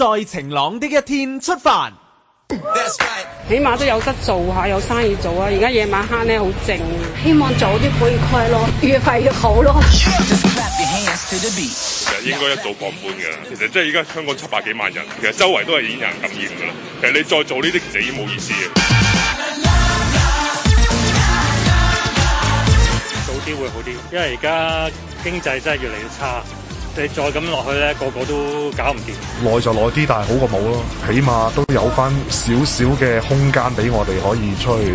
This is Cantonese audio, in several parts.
在晴朗的一天出發，s right. 起碼都有得做下，有生意做啊！而家夜晚黑咧好靜，希望早啲可以開咯，越快越好咯。其實應該一早擴寬㗎啦，其實即係而家香港七百幾萬人，其實周圍都係已經有人感染噶啦。其實你再做呢啲死冇意思啊！早啲會好啲，因為而家經濟真係越嚟越差。你再咁落去咧，個個都搞唔掂。耐就耐啲，但係好過冇咯，起碼都有返少少嘅空間俾我哋可以吹。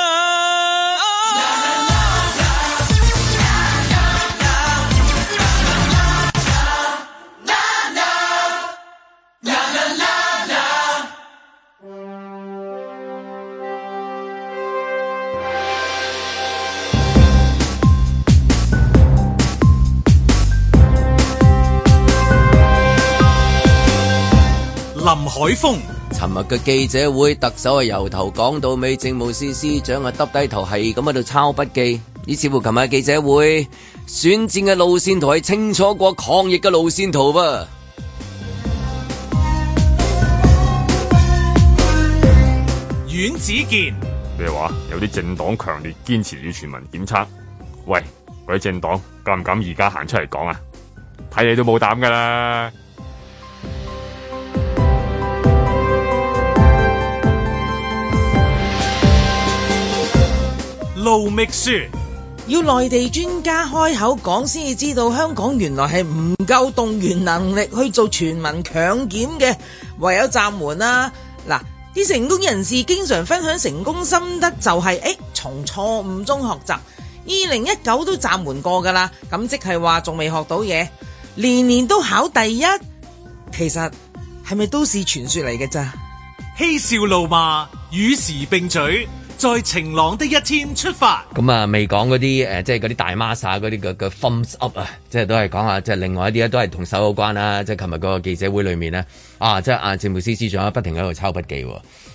林海峰，尋日嘅記者會，特首係由頭講到尾，政務司司長啊耷低頭係咁喺度抄筆記，呢似乎琴日嘅記者會選戰嘅路線圖係清楚過抗疫嘅路線圖噃。阮子健，咩話？有啲政黨強烈堅持要全民檢測，喂，嗰啲政黨敢唔敢而家行出嚟講啊？睇你都冇膽㗎喇！盧覓雪。要內地專家開口講先至知道香港原來係唔夠動員能力去做全民強檢嘅，唯有暫緩啦。嗱，啲成功人士經常分享成功心得、就是，就係誒從錯誤中學習。二零一九都暫緩過噶啦，咁即係話仲未學到嘢，年年都考第一，其實係咪都市傳說嚟嘅咋？嬉笑怒罵與時並舉。在晴朗的一天出發，咁啊，未講嗰啲誒，即係嗰啲大媽撒啲嘅嘅 funs up 啊。即係都係講下，即係另外一啲咧，都係同手有關啦。即係琴日個記者會裏面咧，啊，即係阿政務司司長不停喺度抄筆記。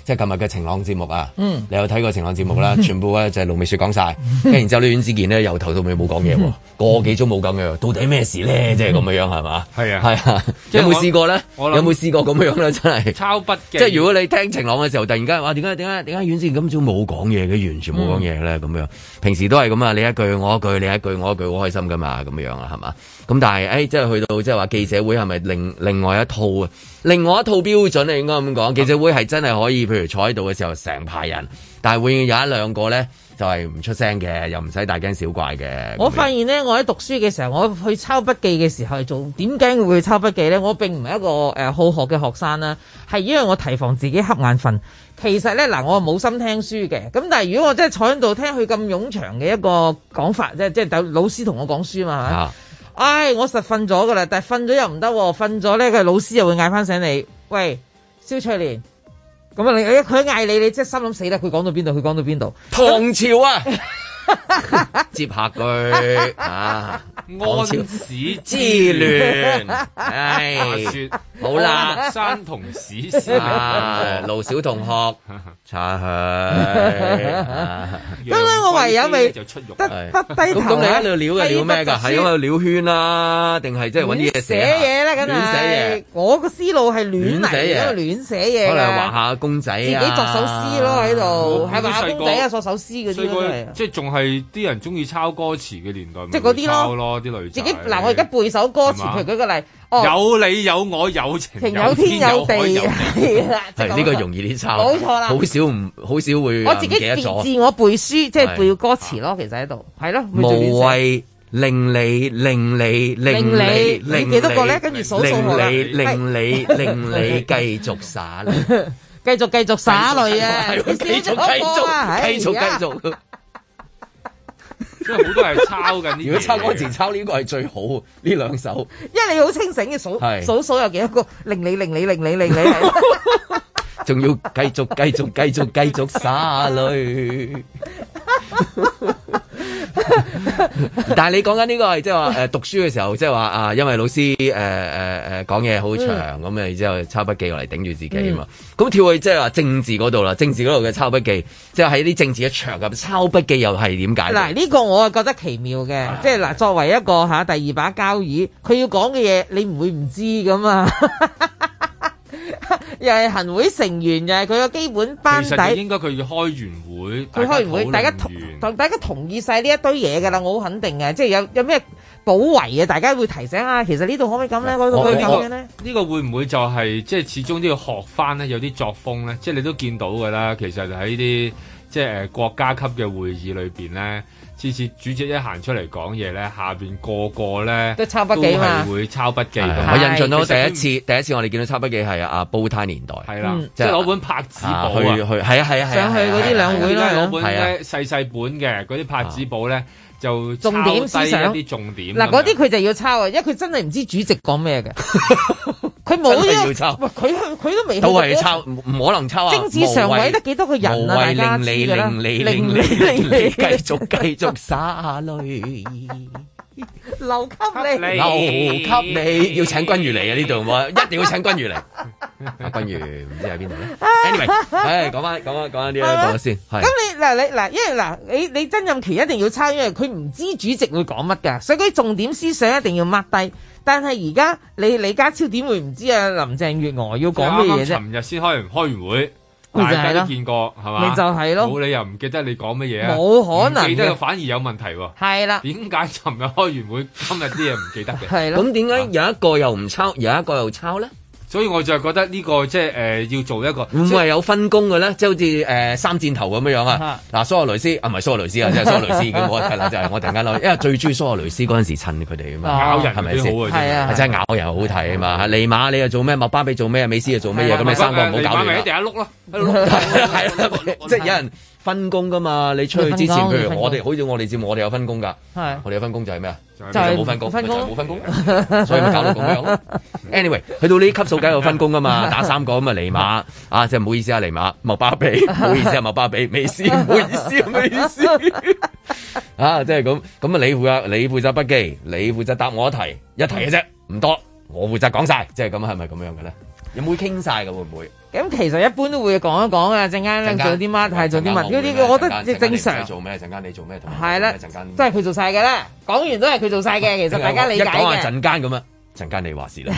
即係琴日嘅晴朗節目啊，你有睇過晴朗節目啦？全部啊就係盧覓雪講晒。跟住之後呢，袁子健咧由頭到尾冇講嘢喎，個幾鍾冇講嘢，到底咩事咧？即係咁嘅樣係嘛？係啊，係啊，有冇試過咧？有冇試過咁樣咧？真係抄筆，即係如果你聽晴朗嘅時候，突然間話點解點解點解袁子健今朝冇講嘢嘅，完全冇講嘢咧咁樣。平時都係咁啊，你一句我一句，你一句我一句，好開心噶嘛咁樣啊，係嘛？咁、嗯、但係誒、哎，即係去到即係話記者會係咪另另外一套啊？另外一套標準你應該咁講，記者會係真係可以，譬如坐喺度嘅時候，成排人，但係會有一兩個咧就係、是、唔出聲嘅，又唔使大驚小怪嘅。我發現咧，我喺讀書嘅時候，我去抄筆記嘅時候做，點解會去抄筆記咧？我並唔係一個誒好學嘅學生啦，係因為我提防自己瞌眼瞓。其實咧嗱，我冇心聽書嘅。咁但係如果我真係坐喺度聽佢咁冗長嘅一個講法咧，即係等老師同我講書嘛。啊唉、哎，我實瞓咗噶啦，但係瞓咗又唔得喎，瞓咗咧，佢老師又會嗌翻醒你。喂，蕭翠蓮，咁啊，你佢嗌你，你即係心諗死啦。佢講到邊度？佢講到邊度？唐朝啊， 接下句啊。安史之亂，唉，好啦，山同史先。啊，盧小同學，查下去。咁咧，我唯有未，得得低頭。咁你喺度撩又撩咩噶？喺度撩圈啦，定係即係搵嘢寫？寫嘢啦，梗係。亂寫嘢。我個思路係亂嚟，喺度亂寫嘢。可能畫下公仔自己作首詩咯喺度，喺度畫公仔啊，作首詩嗰啲。即係仲係啲人中意抄歌詞嘅年代。即係嗰啲咯。自己嗱，我而家背首歌詞，佢舉個例，有你有我有情有天有地啦。呢個容易啲抄，冇錯啦，好少唔好少會。我自己自自我背書，即係背歌詞咯。其實喺度係咯。無謂令你令你令你令幾多個咧？跟住數數嚟，令你令你令你繼續耍，繼續繼續耍女啊！繼續繼續繼續繼續。真係好多人抄緊，如果抄歌詞抄呢個係最好，呢兩首。因為你好清醒嘅數是數數有幾多個，令你令你令你令你，仲 要繼續繼續繼續繼續灑淚。 但係你講緊呢個係即係話，誒讀書嘅時候即係話啊，因為老師誒誒誒講嘢好長咁啊，然之後抄筆記落嚟頂住自己啊嘛。咁跳去即係話政治嗰度啦，政治嗰度嘅抄筆記即係喺啲政治嘅場入抄筆記又係點解？嗱呢個我啊覺得奇妙嘅，即係嗱作為一個吓第二把交椅，佢要講嘅嘢你唔會唔知噶嘛。 又係行會成員，又係佢個基本班底。其實應該佢要開完會，佢開完會，大家，完大家同，同大家同意晒呢一堆嘢噶啦，嗯、我好肯定嘅。即係有有咩保圍啊？大家會提醒啊。其實呢度可唔可以咁咧？嗰度、嗯、可，可以咁呢、呢個呢個會唔會就係、是、即係始終都要學翻咧？有啲作風咧，即係你都見到噶啦。其實喺呢啲即係誒、呃、國家級嘅會議裏邊咧。次次主席一行出嚟講嘢咧，下邊個個咧都抄筆記，係會抄筆記。我印象到第一次，第一次我哋見到抄筆記係阿煲呔年代。係啦，即係攞本拍紙簿去去。係啊係啊，想去嗰啲兩會啦。攞本咧細細本嘅嗰啲拍紙簿咧，就重點思一啲重點。嗱，嗰啲佢就要抄啊，因為佢真係唔知主席講咩嘅。佢冇呢個，佢佢都未。都係要抽，唔可能抽啊！政治上位得幾多個人啊？無謂令你令你令你令你繼續繼續灑下淚，留給你，留給你要請君如嚟啊！呢度，一定要請君如嚟。阿君如唔知喺邊度咧？Anyway，係講翻講翻講翻啲嘢講先。咁你嗱你嗱，因為嗱你你曾蔭權一定要抽，因為佢唔知主席會講乜㗎，所以佢重點思想一定要抹低。但係而家你李家超點會唔知啊，林鄭月娥要講咩嘢啫？我琴日先開完開完會， 大家都見過係嘛？就吧你就係咯，冇理由唔記得你講乜嘢啊？冇可能記得反而有問題喎、啊。係啦了，點解琴日開完會， 今日啲嘢唔記得嘅？係啦了，咁點解有一個又唔抄， 有一個又抄咧？所以我就覺得呢個即係誒要做一個，唔係有分工嘅咧，即係好似誒三箭頭咁樣樣啊！嗱，蘇亞雷斯啊，唔係蘇亞雷斯啊，即係蘇亞雷斯咁啊，就係我突然間諗，因為最中意蘇亞雷斯嗰陣時襯佢哋啊嘛，咬人係咪先？係啊，真係咬人好睇啊嘛！尼馬你又做咩？莫巴比做咩？美斯又做咩嘢？咁你三個唔好搞嘢。尼馬碌咯，喺即係有人。分工噶嘛？你出去之前，工譬如我哋，好似我哋節目，我哋有分工噶。係我哋有，是有分工就係咩啊？就係冇分工，冇分工，所以咪搞到咁樣咯。Anyway，去到呢級數梗有分工噶嘛？ 打三個咁 啊，尼馬啊，即係唔好意思啊，尼馬莫巴比，唔好意思啊，莫巴比，未思，唔好意思，意思啊，即係咁咁啊，就是、你負啊，你負責筆記，你負責答我一題，一題嘅啫，唔多。我負責講晒，即係咁啊，係咪咁樣嘅咧？有冇傾晒嘅會唔會？咁其實一般都會講一講啊，陣間做啲乜，係做啲乜？嗰啲，我覺得正常。做咩？陣間你做咩？係啦，陣間都係佢做晒嘅啦，講完都係佢做晒嘅，其實大家理解嘅。一講話陣間咁啊，陣間你話事啦，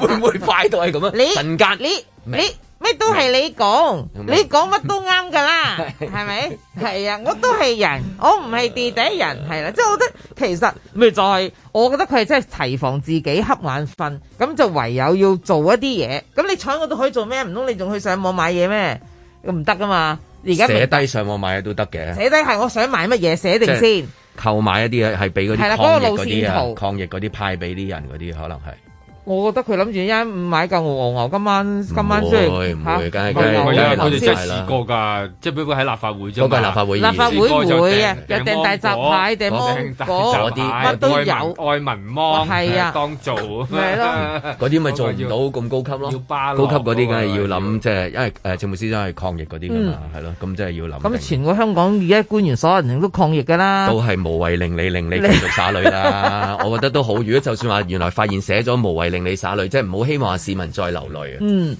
會唔會快到係咁啊？你陣間你你。咩都係你講，麼你講乜都啱噶啦，係咪？ 係啊，我都係人，我唔係地底人，係啦，啊，即係我，就是，我覺得其實咪就係，我覺得佢係真係提防自己瞌眼瞓，咁就唯有要做一啲嘢。咁你坐喺嗰度可以做咩？唔通你仲去上網買嘢咩？咁唔得噶嘛。而家寫低上網買嘢都得嘅。寫低係我想買乜嘢寫定先。購買一啲嘢係俾嗰啲抗疫嗰啲啊，嗰個路線，抗疫嗰啲派俾啲人嗰啲可能係。我覺得佢諗住一五買夠黃牛，今晚今晚先嚟唔會唔會，梗係佢哋真係試過㗎，即係不過喺立法會啫。嗰個立法會議事開大集派定芒果都有。愛民芒係啊，當做係咯，嗰啲咪做唔到咁高級咯。要巴高級嗰啲梗係要諗，即係因為誒陳茂先生係抗疫嗰啲嘛，係咯，咁真係要諗。咁全個香港而家官員所有人哋都抗疫㗎啦，都係無謂令你令你繼續耍女啦。我覺得都好，如果就算話原來發現寫咗無謂令。你耍淚，即係唔好希望市民再流淚啊！嗯，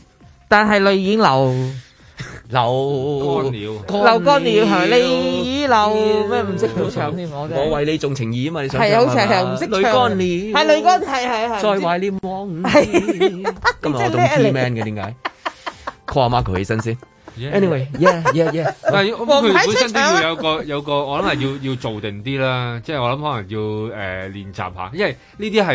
但係淚已經流，流乾了，流乾了，係呢？流咩？唔識唱添，我我為你重情意啊嘛！係，好長，唔識唱。淚乾了，係淚乾，係係係。再懷念我唔係，今日我仲 T man 嘅點解？call 阿媽佢起身先。Anyway, yeah, yeah, yeah，但係我佢本身都要有個有個，我諗係要要做定啲啦。即係我諗可能要誒練習下，因為呢啲係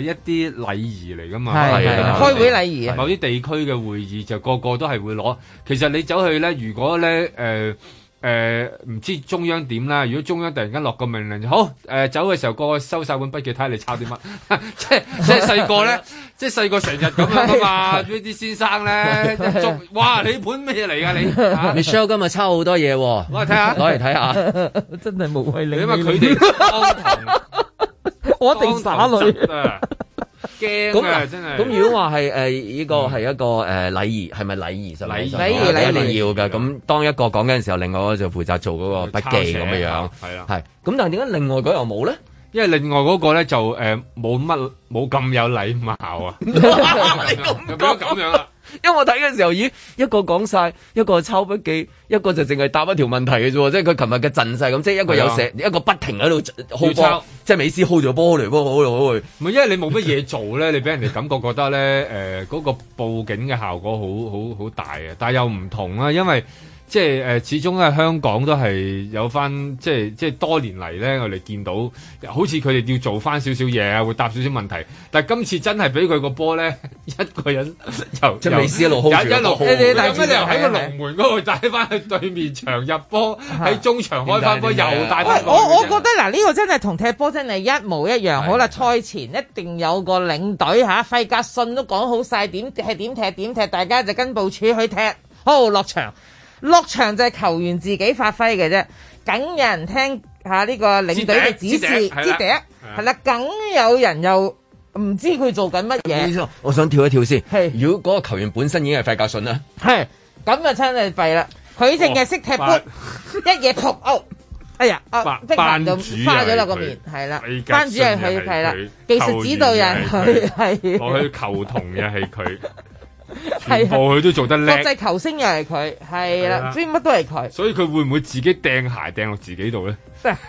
誒一啲禮儀嚟㗎嘛。係係開會禮儀，某啲地區嘅會議就個個都係會攞。其實你走去咧，如果咧誒。誒，唔、呃、知中央點啦？如果中央突然間落個命令，好，誒、呃、走嘅時候個個收晒本筆記，睇下你抄啲乜 即呢 即細個咧，即細個成日咁樣噶嘛？呢啲先生咧，哇！你本咩嚟㗎你、啊、？Michelle 今日抄好多嘢喎，我嚟睇下，攞嚟睇下，真係冇謂理你，因為佢哋，我一定耍女 咁真係咁，如果話係誒呢個係一個誒禮儀，係咪禮儀就禮儀，禮儀要㗎。咁當一個講緊嘅時候，另外嗰就負責做嗰個筆記咁嘅樣。係啊，係。咁但係點解另外嗰又冇咧？因為另外嗰個咧就誒冇乜冇咁有禮貌啊。又變咗咁樣啦。因為我睇嘅時候，咦，一個講晒，一個抄筆記，一個就淨係答一條問題嘅啫，即係佢琴日嘅陣勢咁，即係一個有寫，的一個不停喺度 hold 抄即係美斯 hold 咗個波嚟，波好好去。唔係，因為你冇乜嘢做咧，你俾人哋感覺覺得咧，誒、呃，嗰、嗰個佈景嘅效果好好好大啊！但係又唔同啦、啊，因為。即係誒，始終咧，香港都係有翻，即係即係多年嚟咧，我哋見到好似佢哋要做翻少少嘢啊，會答少少問題。但係今次真係俾佢個波咧，一個人由即係美斯一路控住一，一路控住，點解又喺是個龍門嗰度帶翻去對面場入波，喺是中場開翻波是又帶翻波。我我覺得嗱，呢、呢個真係同踢波真係一模一樣。是是好啦，賽前一定有個領隊嚇，費格遜都講好晒，點係點踢點踢，大家就跟部署去踢。好落場。落場就係球員自己發揮嘅啫，梗有人聽下呢個領隊嘅指示，支笛係啦，梗有人又唔知佢做緊乜嘢。我想跳一跳先。如果嗰個球員本身已經係費格遜啦，係咁就真係廢啦。佢淨係識踢波，一嘢扑屋，哎呀，啊乒就花咗落個面，係啦，班主係佢，係啦，技術指導人佢係，我去球童嘅係佢。全部佢都做得叻，國際球星又係佢，係啦，所以乜都係佢。所以佢會唔會自己掟鞋掟落自己度咧？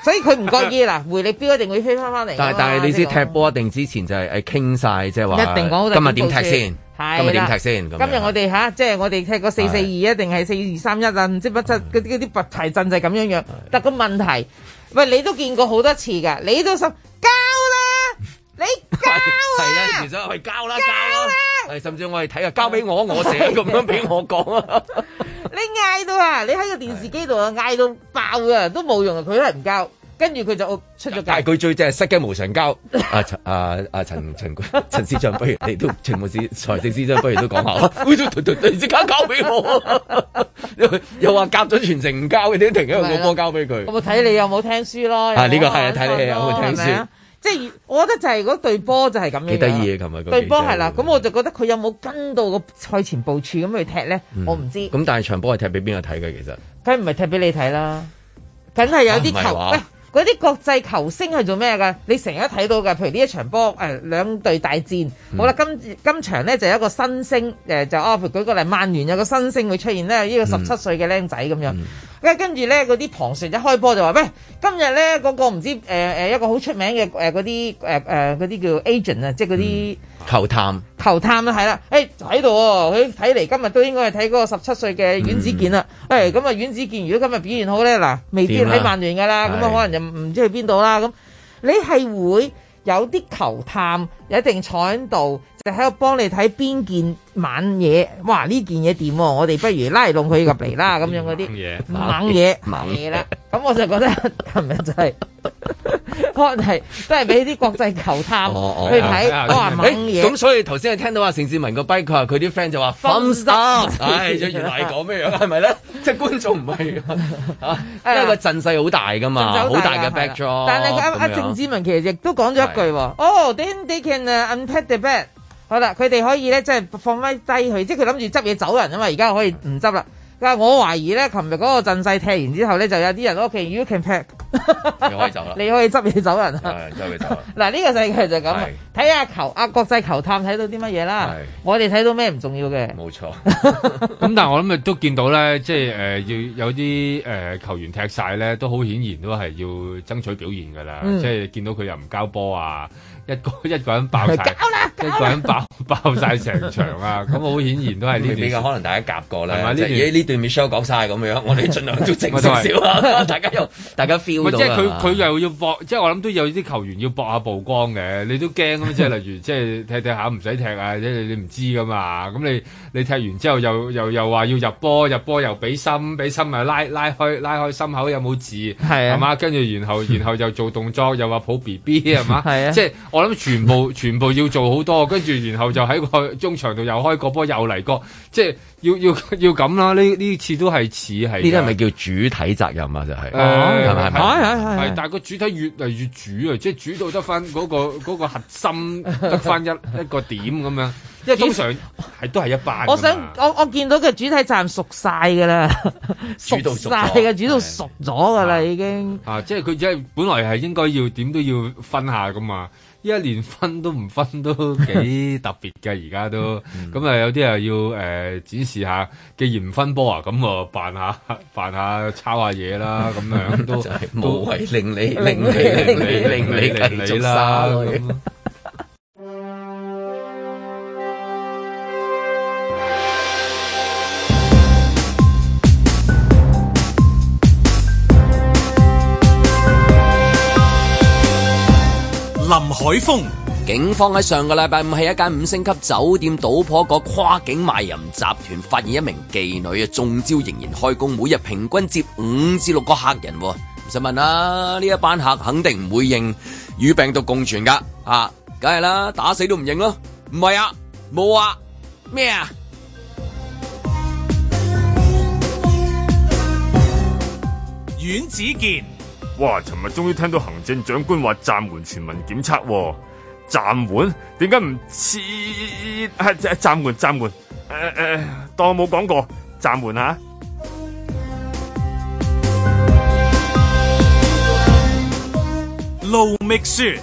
所以佢唔覺意嗱，回力鏢一定會飛翻翻嚟。但係但係你知踢波一定之前就係誒，傾晒，即係話一定講好。今日點踢先？今日點踢先？今日我哋吓，即係我哋踢個四四二啊，定係四二三一啊？唔知乜七嗰啲嗰啲排陣就咁樣樣。但個問題，喂，你都見過好多次噶，你都想。你交啊！係啊，其實係交啦，交啦！係，甚至我哋睇下交俾我，我成日咁樣俾我講啊！你嗌到啊！你喺個電視機度啊，嗌到爆啊，都冇用啊！佢係唔交，跟住佢就出咗界。但係佢最正係失驚無常交。阿陳阿阿陳陳陳司長不如你都財務司財政司長不如都講下啦，會唔會突然之間交俾我？又又話夾咗全程唔交嘅，點突然間個波交俾佢？我睇你有冇聽書咯。啊，呢個係啊，睇你有冇聽書。即係，我覺得就係嗰對波就係咁樣。幾得意嘅，琴日球？對波係啦，咁我就覺得佢有冇跟到個賽前部署咁去踢咧？嗯、我唔知。咁、嗯、但係場波係踢俾邊個睇嘅？其實梗唔係踢俾你睇啦，梗係有啲球。啊 嗰啲國際球星係做咩㗎？你成日睇到嘅，譬如呢一場波誒兩隊大戰，好啦，今今場咧就有一個新星誒，就啊舉過嚟，曼聯有個新星會出現咧，呢個十七歲嘅僆仔咁樣。咁跟住咧嗰啲旁述一開波就話：喂，今日咧嗰個唔知誒誒一個好出名嘅誒嗰啲誒誒嗰啲叫 Agent 啊，即係嗰啲球探球探啦，係啦，誒喺度喎，佢睇嚟今日都應該係睇嗰個十七歲嘅阮子健啦。誒咁啊，阮子健如果今日表現好咧，嗱，未必喺曼聯㗎啦，咁啊可能就。唔知去邊度啦，咁你係會有啲球探。一定坐喺度，就喺度幫你睇邊件猛嘢。哇！呢件嘢掂，我哋不如拉攏佢入嚟啦。咁樣嗰啲猛嘢，猛嘢啦。咁我就覺得今日就係可能係都係俾啲國際球探去睇。哇！猛嘢咁，所以頭先聽到阿盛志文個 by 佢話，佢啲 friend 就話。Stars，唉，原嚟講咩樣？係咪咧？即係觀眾唔係因為個陣勢好大噶嘛，好大嘅 backdrop 但係阿阿盛志文其實亦都講咗一句喎。Oh, they can. unpack the bed，好啦，佢哋可以咧，即係放翻低去，即係佢諗住執嘢走人啊嘛，而家可以唔執啦。但係我懷疑咧，琴日嗰個陣勢踢完之後咧，就有啲人屋企，you can pack，你可以走啦， 你可以執嘢走人走 啦，係執嘢走啦。嗱，呢個世界就咁，睇是下球阿、啊、國際球探睇到啲乜嘢啦，是我哋睇到咩唔重要嘅，冇錯。咁但係我諗都見到咧，即係誒要有啲誒球員踢晒咧，都好顯然都係要爭取表現噶啦，嗯、即係見到佢又唔交波啊。一個一個人爆曬。一個人爆爆曬成場啊！咁好顯然都係呢邊嘅，可能大家夾過啦。就呢呢段，段 Michelle 講曬咁樣，我哋盡量靜靜 都靜少少大家又大家 feel 即係佢佢又要搏，即係我諗都有啲球員要搏下曝光嘅。你都驚咁即係例如即係踢踢下唔使踢啊，即係你唔知噶嘛。咁你你踢完之後又又又話要入波，入波又畀心畀心啊！拉拉開拉開，拉開心口有冇字係啊？係嘛？跟住然後然後，然後又做動作， 又話抱 BB 係嘛？係啊！即係我諗全部全部要做好多。哦，跟住然後就喺個中場度又開個波，又嚟個，即係要要要咁啦。呢呢次都係似係，呢啲係咪叫主體責任啊？就係，係係係，係但係個主體越嚟越主啊，即係主導得翻嗰個核心得翻一一個點咁樣，因為通常係都係一班。我想我我見到嘅主體責任熟曬噶啦，熟到熟嘅主導熟咗噶啦已經。啊，即係佢只係本來係應該要點都要分下噶嘛。依家連分都唔分都幾特別嘅，而家都咁啊，有啲人要誒展、呃、示下，既然唔分波啊，咁啊扮下扮下抄下嘢啦，咁樣都 無謂令你令你令你令你令你啦。林海峰，警方喺上個禮拜五喺一間五星級酒店搗破個跨境賣淫集團，發現一名妓女啊中招仍然開工，每日平均接五至六個客人。唔使問啦，呢一班客肯定唔會認與病毒共存噶，啊，梗係啦，打死都唔認咯。唔係啊，冇啊，咩啊？阮子健。哇！尋日終於聽到行政長官話暫緩全民檢測喎，暫緩？點解唔似係暫緩暫緩？誒、啊、誒、啊啊，當我冇講過暫緩吓！盧覓雪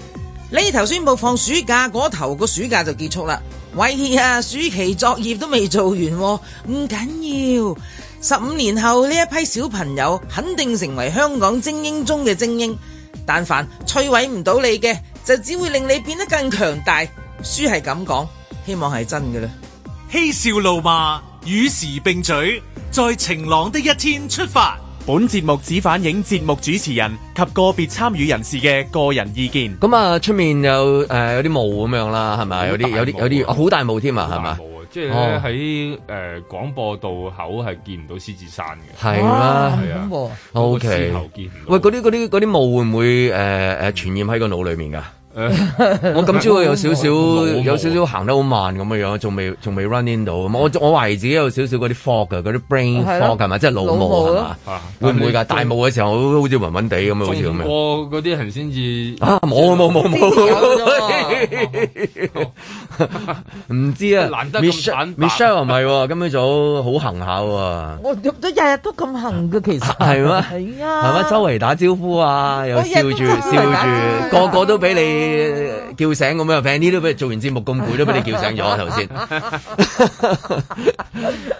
呢頭宣布放暑假，嗰頭個暑假就結束啦，喂呀！暑期作業都未做完喎，唔緊要。十五年後呢一批小朋友肯定成為香港精英中嘅精英，但凡摧毀唔到你嘅，就只會令你變得更強大。書係咁講，希望係真嘅啦。嬉笑怒罵與時並舉，在晴朗的一天出發。本節目只反映節目主持人及個別參與人士嘅個人意見。咁啊，出、呃、面有誒有啲霧咁樣啦，係、呃、咪？有啲有啲有啲、哦、好大霧添啊，係嘛？即係喺誒廣播道口係見唔到獅子山嘅，係啦，OK。喂，嗰啲嗰啲嗰啲霧會唔會誒誒、呃呃、傳染喺個腦裡面㗎？我今朝有少少有少少行得好慢咁嘅樣，仲未仲未 run in 到。我我懷疑自己有少少嗰啲 fog 嘅，嗰啲 brain fog 係咪？即係腦霧係嘛？會唔會噶大霧嘅時候，好似暈暈哋咁啊？好似咁樣。嗰啲人先至冇冇冇冇，唔知啊。難得咁坦白。Michelle 唔係，今日早好行下。我都日日都咁行嘅，其實係咩？係啊。係咩？周圍打招呼啊，又笑住笑住，個個都俾你。叫醒咁樣！Van 啲都俾你做完節目咁攰，都俾你叫醒咗頭先。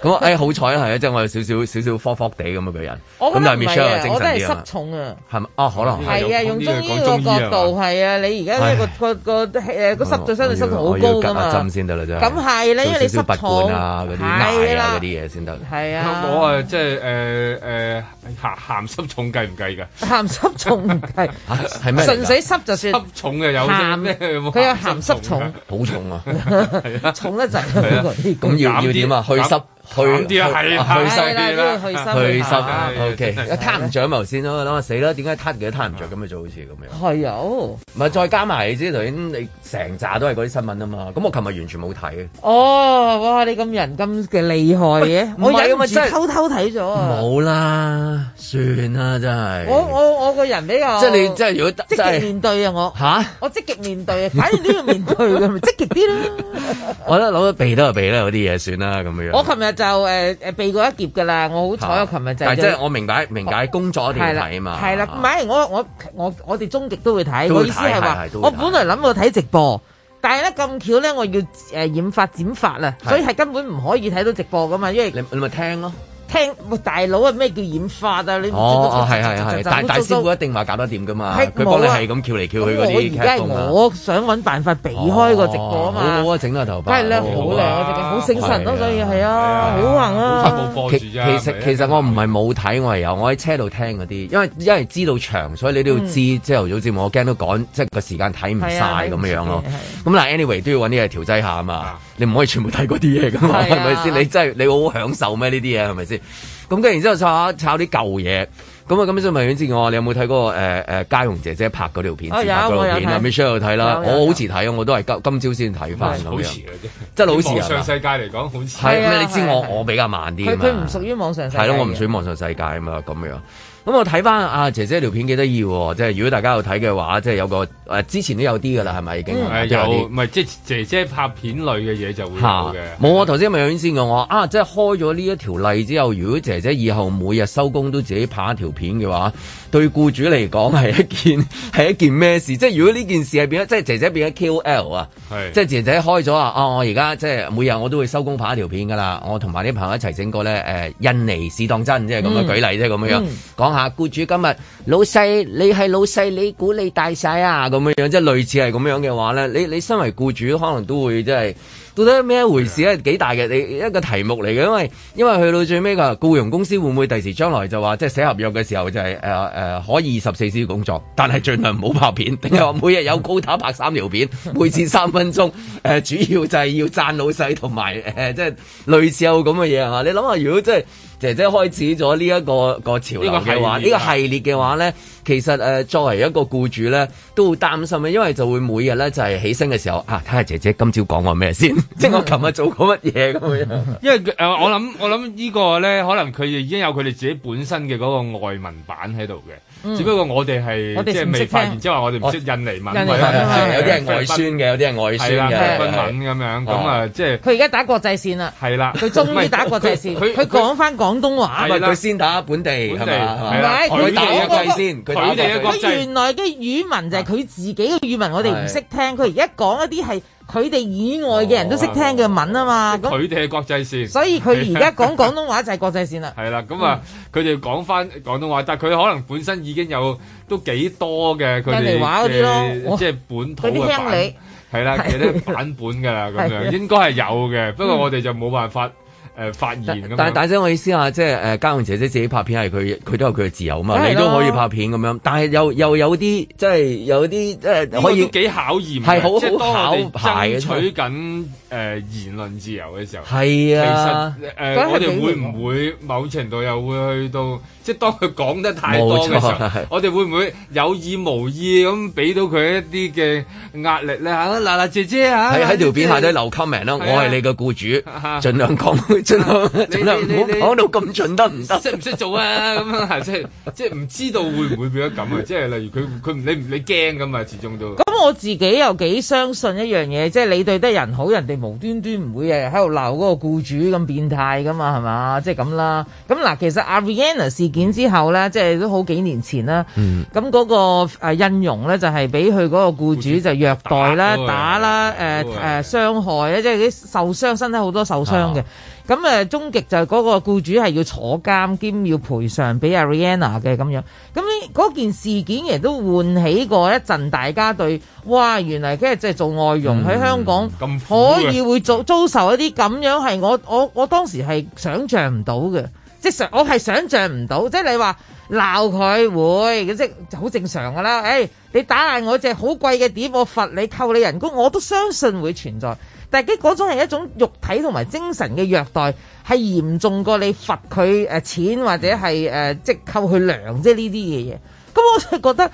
咁啊，哎好彩係啊，即係我有少少少少科科地咁嘅人。咁但 Michelle 唔係，我係濕重啊。係咪啊？可能係啊。用中醫個角度係啊，你而家個個個誒度相對濕重好高先得啦，啫。咁係啦，因為你濕重啊，嗰啲奶啊嗰啲嘢先得。係啊。我啊，即係誒誒鹹濕重計唔計噶？鹹濕重係係咩？純粹濕就算濕重嘅。有鹹咩？佢的 有鹹濕重，好重， 重啊， 重得滯，啊。咁要點要點啊？去濕。去啲啊，係去心啲啦，去心，O K，一攤唔着，咁頭先咯，諗下死啦，點解攤幾多攤唔着，咁咪做好似咁樣？係有，唔係再加埋你知頭先，你成集都係嗰啲新聞啊嘛，咁我琴日完全冇睇哦，哇，你咁人咁嘅厲害嘅，我有冇偷偷睇咗？冇啦，算啦，真係。我我我個人比較即係你真係如果積極面對啊我吓，我積極面對，反正都要面對㗎嘛，積極啲啦。我覺得攞個避都係避啦，嗰啲嘢算啦，咁樣。我琴日。就誒誒、呃、避過一劫嘅啦，我好彩啊！琴日的就係即係我明白，明白明解工作一定要睇啊嘛，係啦，唔係我我我我哋終極都會睇，意思係話我本來諗過睇直播，但係呢咁巧呢，我要誒染髮剪髮啊，呃、發發的所以係根本唔可以睇到直播㗎嘛，因為你你咪聽咯。聽大佬啊，咩叫染髮啊？你哦哦，係係係，大大師傅一定話搞得掂㗎嘛。佢幫你係咁翹嚟翹去嗰啲。而家我想揾辦法避開個直播啊嘛。好啊，整下頭髮。真係靚，好靚啊！最好醒神咯，所以係啊，好行啊。其實其實我唔係冇睇，我係有。我喺車度聽嗰啲，因為因為知道長，所以你都要知。朝頭早節目，我驚都趕，即係個時間睇唔晒咁樣樣咯。咁嗱，anyway 都要揾啲嘢調劑下啊嘛。你唔可以全部睇嗰啲嘢㗎嘛，係咪先？你真係你好好享受咩？呢啲嘢係咪先？咁跟住然之後炒炒啲舊嘢。咁啊，咁想問下你知唔知我，你有冇睇嗰個誒誒嘉容姐姐拍嗰條片？有，有，有。咪 share 睇啦。我好遲睇，我都係今朝先睇翻。好遲嗰啲。即係網上世界嚟講，好遲。係，你知我我比較慢啲。佢佢唔屬於網上世界。係咯，我唔屬於網上世界啊嘛，咁樣。咁我睇翻啊姐姐條片幾得意喎，即係如果大家有睇嘅話，即係有個誒、啊、之前都有啲噶啦，係咪已經？係、嗯有，啊、有，唔係即係姐姐拍片類嘅嘢就會有嘅。冇啊，頭先咪有先嘅我啊，即係開咗呢一條例之後，如果姐姐以後每日收工都自己拍一條片嘅話，對僱主嚟講係一件係一件咩事？即係如果呢件事係變咗，即係姐姐變咗 KOL 啊是，即係姐姐開咗啊！哦，我而家即係每日我都會收工拍一條片噶啦，我同埋啲朋友一齊整個咧誒，印尼試當真，即係咁嘅舉例即啫，咁、嗯、樣講下僱主今日老細，你係老細，你估你大曬啊？咁樣樣即係類似係咁樣嘅話咧，你你身為僱主，可能都會即係。一覺得咩回事咧？幾大嘅，你一個題目嚟嘅，因為因為去到最尾個僱傭公司會唔會第時將來就話即係寫合約嘅時候就係誒誒可以二十四小時工作，但係儘量唔好拍片，定係話每日有高塔拍三條片，每次三分鐘。誒、呃，主要就係要讚老細同埋誒，即係類似有咁嘅嘢嚇。你諗下，如果真係～姐姐開始咗呢一個個潮流嘅話，呢個系列嘅話咧，其實誒、呃、作為一個僱主咧，都好擔心啊，因為就會每日咧就係、是、起身嘅時候啊，睇下姐姐今朝講我咩先，即係我琴日做過乜嘢咁樣。因為誒、呃，我諗我諗呢個咧，可能佢已經有佢哋自己本身嘅嗰個外文版喺度嘅。只不過我哋係即係唔識發，然之後我哋唔識印尼文，有啲係外孫嘅，有啲係外孫嘅文咁樣，咁啊即係佢而家打國際線啦，係啦，佢終於打國際線，佢講翻廣東話，佢先打本地係咪？佢打一個先，佢打一個。佢原來嘅語文就係佢自己嘅語文，我哋唔識聽，佢而家講一啲係。佢哋以外嘅人都識聽嘅文啊嘛，佢哋係國際線，所以佢而家講廣東話就係國際線啦。係啦的，咁啊、嗯，佢哋講返廣東話，但係佢可能本身已經有都幾多嘅佢哋啲嘅，話咯哦、即係本土嘅你，係啦，嗰啲版本㗎啦咁樣，應該係有嘅，不過我哋就冇辦法。誒、呃、發言咁，但係大聲我意思啊，即係誒嘉榮姐姐自己拍片係佢，佢都有佢嘅自由啊嘛，你都可以拍片咁樣，但係又又有啲即係有啲誒、呃，可以幾考驗嘅，係好好考驗，即係當我哋爭取緊誒言論自由嘅時候，係啊，其實誒、呃、但係我哋會唔會某程度又會去到？即當佢講得太多嘅時候，我哋會唔會有意無意咁俾到佢一啲嘅壓力咧？嚇嗱嗱姐姐嚇，喺喺條片下底留 comment 咯，我係你嘅僱主，儘量講，儘量，儘量講到咁盡得唔得？識唔識做啊？咁啊，即係即係唔知道會唔會變咗咁啊？即係例如佢佢你你驚咁啊？始終都咁，我自己又幾相信一樣嘢，即係你對得人好，人哋無端端唔會日喺度鬧嗰個僱主咁變態噶嘛？係嘛？即係咁啦。咁嗱，其實阿 Vianna 事件。年之後咧，即係都好幾年前啦。咁嗰個誒印傭咧，就係俾佢嗰個僱主就虐待啦、打啦、誒誒傷害咧，即係啲受傷，身體好多受傷嘅。咁誒，終極就係嗰個僱主係要坐監兼要賠償俾 Ariana 嘅咁樣。咁呢件事件亦都喚起過一陣大家對哇，原嚟佢係即係做外傭喺香港可以會遭遭受一啲咁樣，係我我我當時係想象唔到嘅。即係我係想像唔到，即係你話鬧佢會，即係好正常㗎啦。誒、哎，你打爛我隻好貴嘅碟，我罰你扣你人工，我都相信會存在。但係嗰種係一種肉體同埋精神嘅虐待，係嚴重過你罰佢誒、呃、錢或者係誒、呃、即扣佢糧啫呢啲嘅嘢。咁我就覺得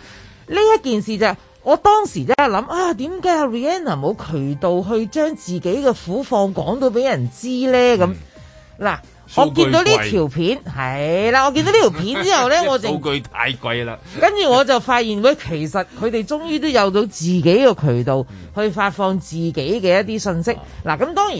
呢一件事就係、是、我當時咧諗啊，點解阿 Rihanna 冇渠道去將自己嘅苦況講到俾人知呢？咁嗱。我見到呢條片係啦， 我見到呢條片之後呢，我就數據 太貴啦。跟 住我就發現，佢其實佢哋終於都有到自己嘅渠道去發放自己嘅一啲信息。嗱，咁當然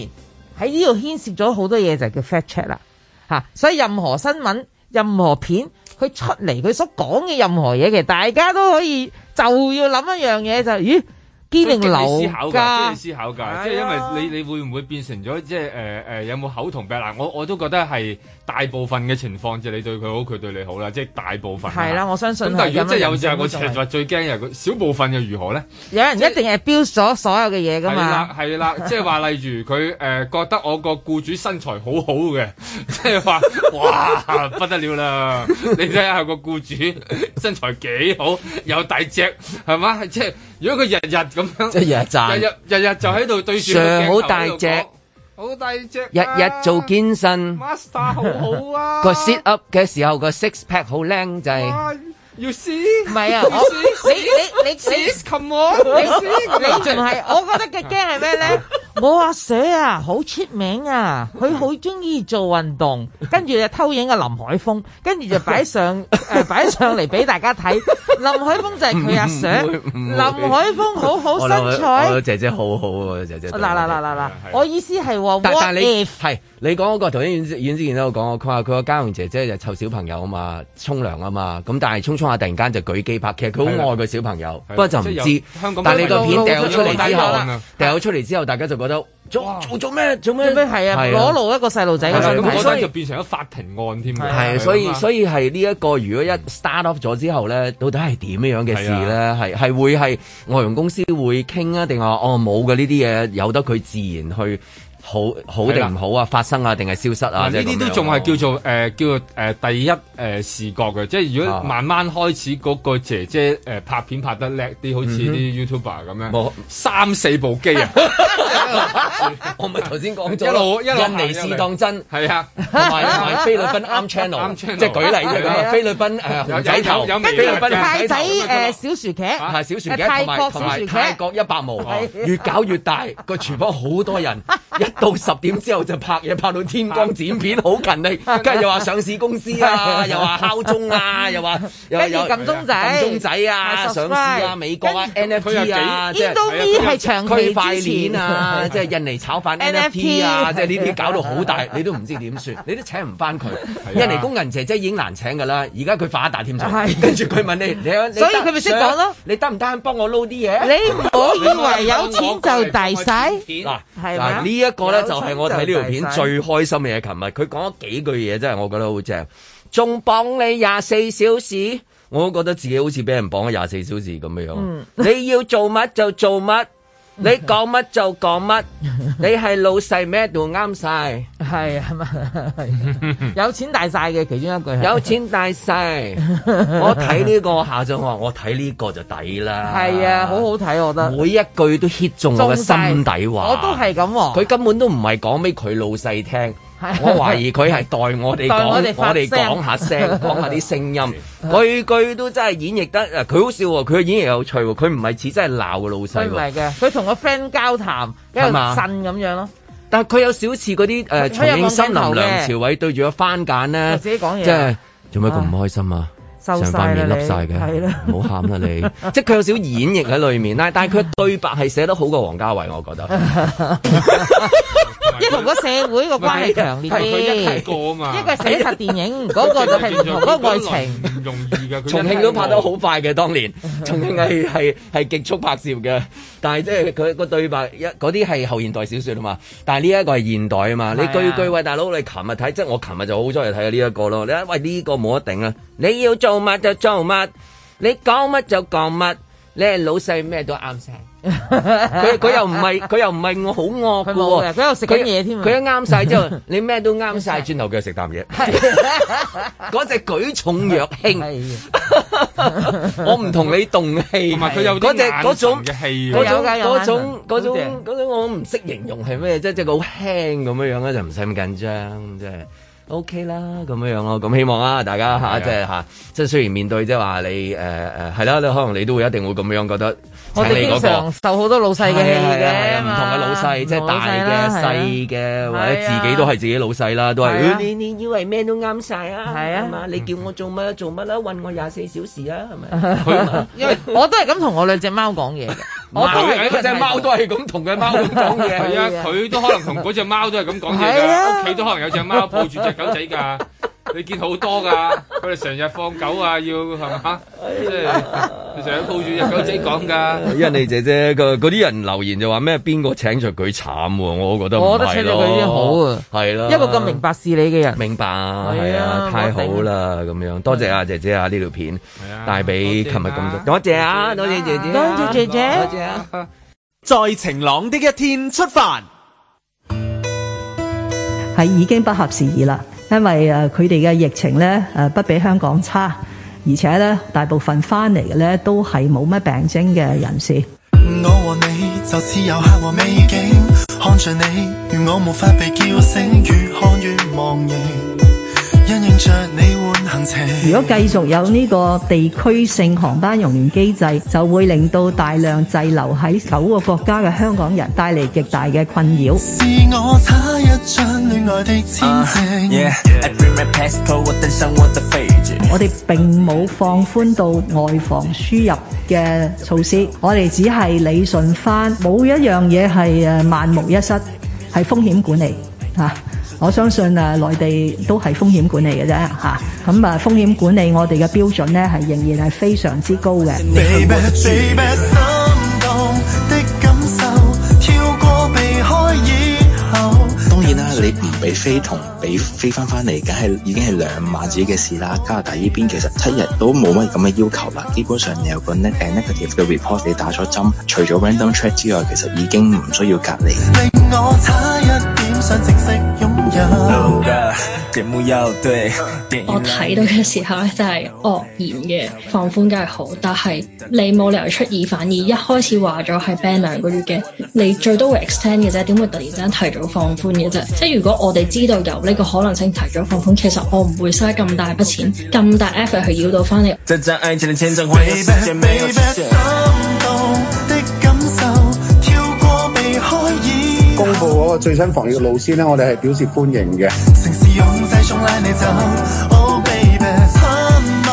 喺呢度牽涉咗好多嘢，就叫 fact check 啦，吓、啊。所以任何新聞、任何片，佢出嚟佢所講嘅任何嘢，其實大家都可以就要諗一樣嘢就咦。機靈嘅腦家，即係思考噶，啊、即係因為你你會唔會變成咗即係誒誒有冇口同鼻？嗱，我我都覺得係大部分嘅情況就你對佢好，佢對你好啦，即係大部分係、啊、啦、啊。我相信咁，但係如果即係有時係我，其實話最驚又係佢小部分又如何咧？有人一定係標咗所有嘅嘢噶嘛？係啦、啊啊，即係話例如佢誒、呃、覺得我個僱主身材好好嘅， 即係話哇不得了啦！你睇下個僱主身材幾好，有大隻係嘛？即係如果佢日日。咁樣 日日日日，日日就喺度對上 Sir，個好大隻、啊，好大隻。日日做健身 master 好好啊。個 sit up 嘅時候個 six pack 好靚仔。要死！唔係啊，你你你死 come on！你你仲係，我覺得嘅驚係咩咧？冇阿 Sir 啊，好出名啊，佢好中意做運動，跟住就偷影阿林海峰，跟住就擺上誒，擺上嚟俾大家睇。林海峰就係佢阿 Sir，林海峰好好身材，姐姐好好啊，姐姐。嗱嗱嗱嗱嗱，我意思係話，但但你係你講嗰個同尹尹子健喺度講，佢話佢個家傭姐姐就湊小朋友啊嘛，沖涼啊嘛，咁但係沖沖。突然間就舉機拍，其實佢好愛個小朋友，不過就唔知。香港。但係你個片掉咗出嚟之後，掉咗出嚟之後，大家就覺得做做咩做咩咩？係啊，裸露一個細路仔嘅身體，所以就變成咗法庭案添。係，所以所以係呢一個，如果一 start off 咗之後咧，到底係點樣樣嘅事咧？係係會係外傭公司會傾啊？定話哦冇嘅呢啲嘢，由得佢自然去。好好定唔好啊？發生啊，定係消失啊？呢啲都仲係叫做誒，叫做誒第一誒視覺嘅。即係如果慢慢開始嗰個姐姐誒拍片拍得叻啲，好似啲 YouTuber 咁樣，三四部機啊！我咪頭先講咗一路一路試當真係啊，同埋菲律賓啱 Channel，即係舉例嘅菲律賓誒紅仔頭，菲律賓仔子小薯茄，係小薯茄同埋泰國一百毛，越搞越大個廚房好多人。到十點之後就拍嘢，拍到天光剪片，好勤力。跟住又話上市公司啊，又話敲鐘啊，又話跟住撳鐘仔，鐘仔啊，上市啊，美國 NFT 啊，即係區塊鏈啊，即係印尼炒飯 NFT 啊，即係呢啲搞到好大，你都唔知點算，你都請唔翻佢。印尼工人姐姐已經難請㗎啦，而家佢發一大添，跟住佢問你，所以佢咪先講咯？你得唔得幫我撈啲嘢？你唔好以為有錢就大曬，係嘛？嗱呢一個。就是、我咧就係我睇呢條片最開心嘅嘢，琴日佢講咗幾句嘢真係我覺得好正，仲綁你廿四小時，我都覺得自己好似俾人綁咗廿四小時咁樣，樣。 你要做乜就做乜。 你講乜就講乜， 你係老細咩都啱晒？係啊，係，有錢大晒嘅其中一句係 有錢大晒。我睇呢個下張我，我睇呢個就抵啦。係 啊，好好睇，我覺得 每一句都 hit 中我嘅心底話。我都係咁、啊，佢 根本都唔係講俾佢老細聽。我懷疑佢係代我哋講，我哋講下聲，講下啲聲音，句句都真係演繹得誒，佢好笑，佢嘅演繹有趣，佢唔係似真係鬧嘅老細嚟嘅，佢同個 friend 交談，跟住呻咁樣咯。但係佢有少少似嗰啲誒，重慶森林梁朝偉對住個番梘咧，即係做咩咁唔開心啊？成塊面笠晒嘅，係啦，唔好喊啦你，即係佢有少少演繹喺裏面。但係但係佢對白係寫得好過王家衛，我覺得。 因為同嗰社會關係強烈 個關係強啲， 寫一個寫實電影，嗰 個就係同嗰愛情。 重慶都拍得好快嘅，當年 重慶係係係極速拍攝嘅，但係即係佢個對白一嗰啲係後現代小說啊嘛，但係呢一個係現代啊嘛。 你句句喂，你、這個、你喂，大佬，你琴日睇，即係我琴日就好中意睇呢一個咯。你睇喂呢個冇得頂啊！你要做乜就做乜，你講乜就講乜。你係老細咩都啱晒，佢佢又唔係佢又唔係我好惡喎，佢又食緊嘢添。佢、啊、一啱晒之後， 你咩都啱晒， 轉頭佢食啖嘢。嗰 隻 舉重若輕， 我唔同你動氣。嗰隻嗰種嗰種嗰種嗰種，種，種，種我唔識形容係咩，即係即係好輕咁樣咧，就唔使咁緊張，即係。O K 啦，咁、okay、樣樣咯，咁希望啦，大家吓、嗯，即係吓，即係雖然面對即係話你誒誒係啦，你、呃、可能你都會一定會咁樣覺得。我哋經常受好多老細嘅氣嘅，係啊，唔同嘅老細，即係大嘅、細嘅，或者自己都係自己老細啦，都係。你你以為咩都啱晒啊？係啊嘛，你叫我做乜做乜啦，韞我廿四小時啊，係咪？因為我都係咁同我兩隻貓講嘢嘅，我都係嗰隻貓都係咁同佢貓講嘢。係啊，佢都可能同嗰隻貓都係咁講嘢㗎。屋企都可能有隻貓抱住隻狗仔㗎。你見好多噶，佢哋成日放狗啊，要係嘛？即係成日抱住隻狗仔講噶。因為你姐姐個嗰啲人留言就話咩？邊個請著佢慘？我覺得唔係，我覺得請著佢已經好啊，係啦，一個咁明白事理嘅人，明白係啊，太好啦咁樣。多謝啊，姐姐啊，呢條片帶俾琴日咁多，多謝啊，多謝姐姐，多謝姐姐，多謝啊。在晴朗的一天出發，係已經不合時宜啦。因為誒佢哋嘅疫情咧誒不比香港差，而且咧大部分翻嚟嘅咧都係冇乜病徵嘅人士，我我和和你你，就似遊客和美景，看著你如我無法被叫醒，越看越忘形你換行，如果繼續有呢個地區性航班熔斷機制，就會令到大量滯留喺九個國家嘅香港人帶嚟極大嘅困擾。是我哋、uh, yeah, 並冇放寬到外防輸入嘅措施，我哋只係理順翻，冇一樣嘢係誒萬無一失，係風險管理嚇。啊我相信啊，內地都係風險管理嘅啫嚇，咁啊、嗯、啊風險管理我哋嘅標準呢，係仍然係非常之高嘅。 當然啦，你唔俾飛同俾飛翻翻嚟，梗係已經係兩碼子嘅事啦。加拿大依邊其實七日都冇乜咁嘅要求啦，基本上你有個 negative 嘅 report 你打咗針，除咗 random check 之外，其實已經唔需要隔離。我睇到嘅時候咧，真係愕然嘅。放寬梗係好，但係你冇理由出爾反爾，一開始話咗係 ban 兩個月嘅，你最多會 extend 嘅啫，點會突然之間提早放寬嘅啫？即係如果我哋知道有呢個可能性提早放寬，其實我唔會嘥咁大筆錢、咁大 effort 去要到翻嚟。公布嗰個最新防疫嘅路線咧，我哋係表示歡迎嘅。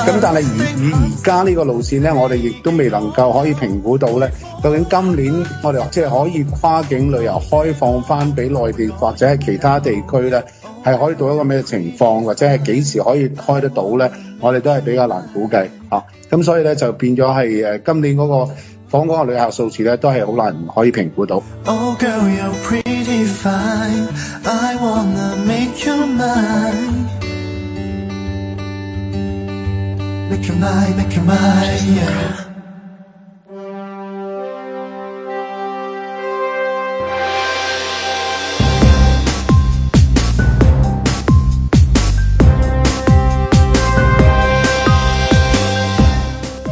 咁、嗯、但係而以而家呢個路線咧，我哋亦都未能夠可以評估到咧，究竟今年我哋即係可以跨境旅遊開放翻俾內地或者係其他地區咧，係可以到一個咩情況或者係幾時可以開得到咧？我哋都係比較難估計啊。咁所以咧就變咗係誒今年嗰、個講嗰個旅客數字咧，都係好難可以評估到。Oh girl, you're pretty fine, I wanna make you mine, make you mine, make you mine.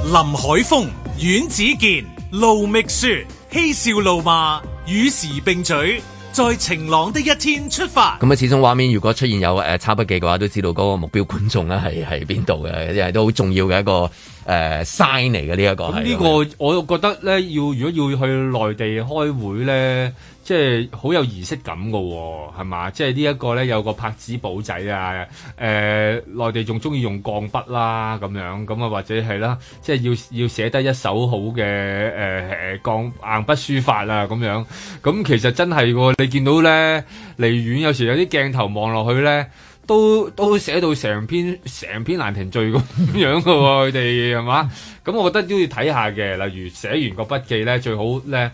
林海峯。阮子健、路覓雪，嬉笑怒罵，與時並舉，在晴朗的一天出發。咁啊，始終畫面如果出現有誒差筆記嘅話，都知道嗰個目標觀眾咧係係邊度嘅，亦係都好重要嘅一個誒 sign 嚟嘅呢一個。咁、呃、呢個我又覺得咧，要如果要去內地開會咧。即係好有儀式感嘅喎、哦，係嘛？即係呢一個咧有個拍紙簿仔啊，誒、呃，內地仲中意用鋼筆啦，咁樣咁啊，或者係啦，即係要要寫得一手好嘅誒誒鋼硬筆書法啦，咁樣咁、嗯、其實真係喎、哦，你見到咧離遠有時有啲鏡頭望落去咧，都都寫到成篇成篇蘭亭序咁樣嘅喎、哦，佢哋係嘛？咁、嗯、我覺得都要睇下嘅，例如寫完個筆記咧，最好咧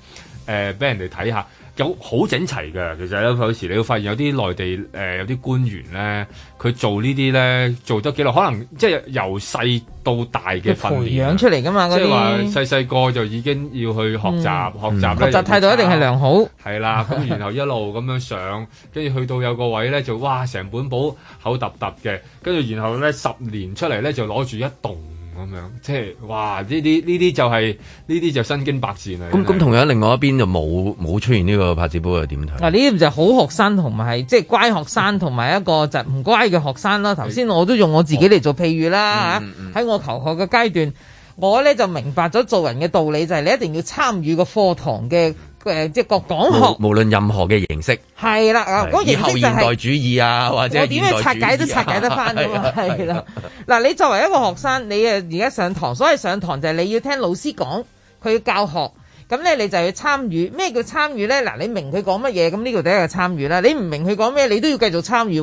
誒俾人哋睇下。有好整齊嘅，其實咧有時你會發現有啲內地誒、呃、有啲官員咧，佢做呢啲咧做得幾耐，可能即係由細到大嘅訓練養出嚟嘅嘛。即係話細細個就已經要去學習、嗯、學習咧，嗯、學習態度一定係良好係啦。咁然後一路咁樣上，跟住 去到有個位咧就哇，成本簿口揼揼嘅，跟住然後咧十年出嚟咧就攞住一棟。咁樣，即係哇！呢啲呢啲就係呢啲就身經百戰啊！咁咁，同樣另外一邊就冇冇出現呢個拍子波，又點睇？嗱，呢啲就好學生同埋，即係乖學生同埋一個就唔乖嘅學生咯。頭先我都用我自己嚟做譬喻啦，吓喺、嗯嗯嗯、我求學嘅階段，我咧就明白咗做人嘅道理，就係你一定要參與個課堂嘅。誒，即係各講學無，無論任何嘅形式係啦。嗰，那個，形式就係，是，以後現代主義啊，或者，啊，我點樣拆解都拆解得翻。係啦， 嗱， 你作為一個學生，你誒而家上堂，所以上堂就係你要聽老師講佢要教學咁咧，你就要參與。咩叫參與咧？嗱，你明佢講乜嘢，咁呢個第一就參與啦。你唔明佢講咩，你都要繼續參與。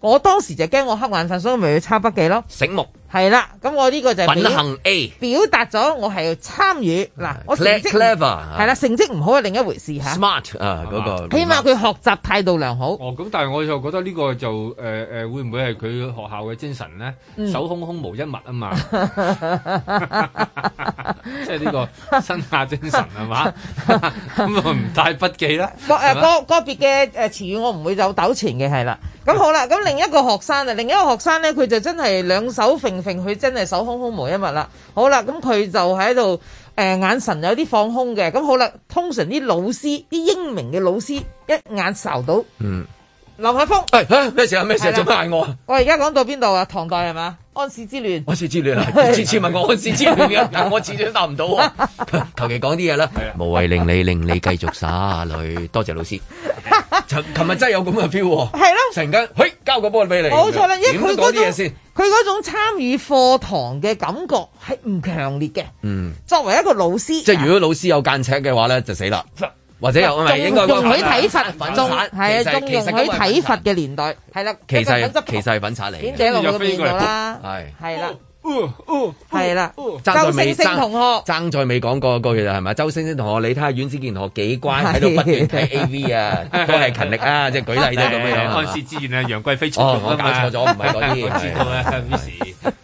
我當時就驚我瞌眼瞓，所以咪要抄筆記咯。醒目。係啦，咁我呢個就係品行 A，表達咗我係要參與嗱，我成績 clever，係啦，成績唔好係另一回事吓。smart 啊，嗰個起碼佢學習態度良好。哦，咁但係我就覺得呢個就誒誒，會唔會係佢學校嘅精神咧？手空空無一物啊嘛，即係呢個新亞精神係嘛，咁我唔帶筆記啦。各誒各個別嘅誒詞語我唔會有糾纏嘅係啦。咁好啦，咁另一個學生啊，另一個學生咧佢就真係兩手揈。佢真係手空空無一物啦，好啦，咁佢就喺度，誒、呃，眼神有啲放空嘅，咁好啦，通常啲老師，啲英明嘅老師，一眼睄到，嗯，林海峰，哎、哎、咩事啊？咩事啊？做咩嗌我？啊？的我而家講到邊度啊？唐代係嘛？安史之亂，安史之亂啊！次次問我安史之亂嘅，的 但我次次都答唔到。求其講啲嘢啦， 無謂令你令你繼續耍阿女。多謝老師，尋日真係有咁嘅 feel，係啦，成間，嘿，交個波俾你，冇錯啦。點講啲嘢先？佢嗰種參與課堂嘅感覺係唔強烈嘅。嗯，作為一個老師，嗯、即係如果老師有間尺嘅話咧，就死啦。或者有啊咪，中應容許體罰，容許體罰嘅年代，係啦，其實，其實係粉刷嚟嘅，編者又都飛過啦，係係啦。的係啦，周星星同學，爭在未講過個月係咪？周星星同學，你睇下阮子健同學幾乖，喺度不斷睇 A V 啊，都係勤力啊，即係舉例都咁樣。暗示志願啊，楊貴妃我搞錯咗，唔係講啲嘢。知道啊 Miss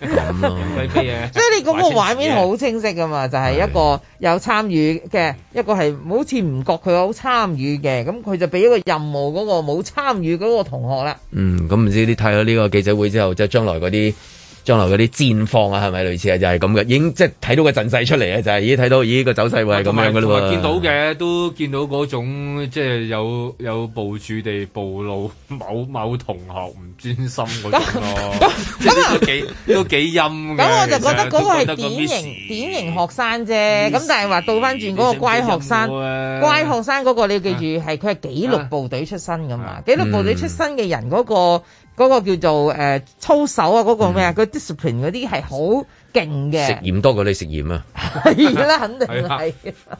咁楊貴妃嘅。所以你咁個畫面好清晰噶嘛，就係一個有參與嘅，一個係好似唔覺佢有參與嘅，咁佢就俾一個任務嗰個冇參與嗰個同學啦。嗯，咁唔知你睇咗呢個記者會之後，即係將來嗰啲。將來嗰啲戰況啊，係咪類似啊？就係咁嘅，已經即係睇到個陣勢出嚟啊！就係已經睇到，咦個走勢會係咁樣噶咯喎。見、啊、到嘅都見到嗰種，即係有有部署地暴露某某，某同學唔專心嗰種咯， 都幾都幾陰。咁我就覺得嗰個係典型典型學生啫。咁但係話倒翻轉嗰個乖學生，乖學生嗰個你要記住，係佢係紀律部隊出身噶嘛？紀律部隊出身嘅人嗰個。嗰個叫做誒、呃、操守啊，嗰、那個咩啊，佢 discipline 嗰啲係好勁嘅。食鹽多過你食鹽啊！係啦， 肯定係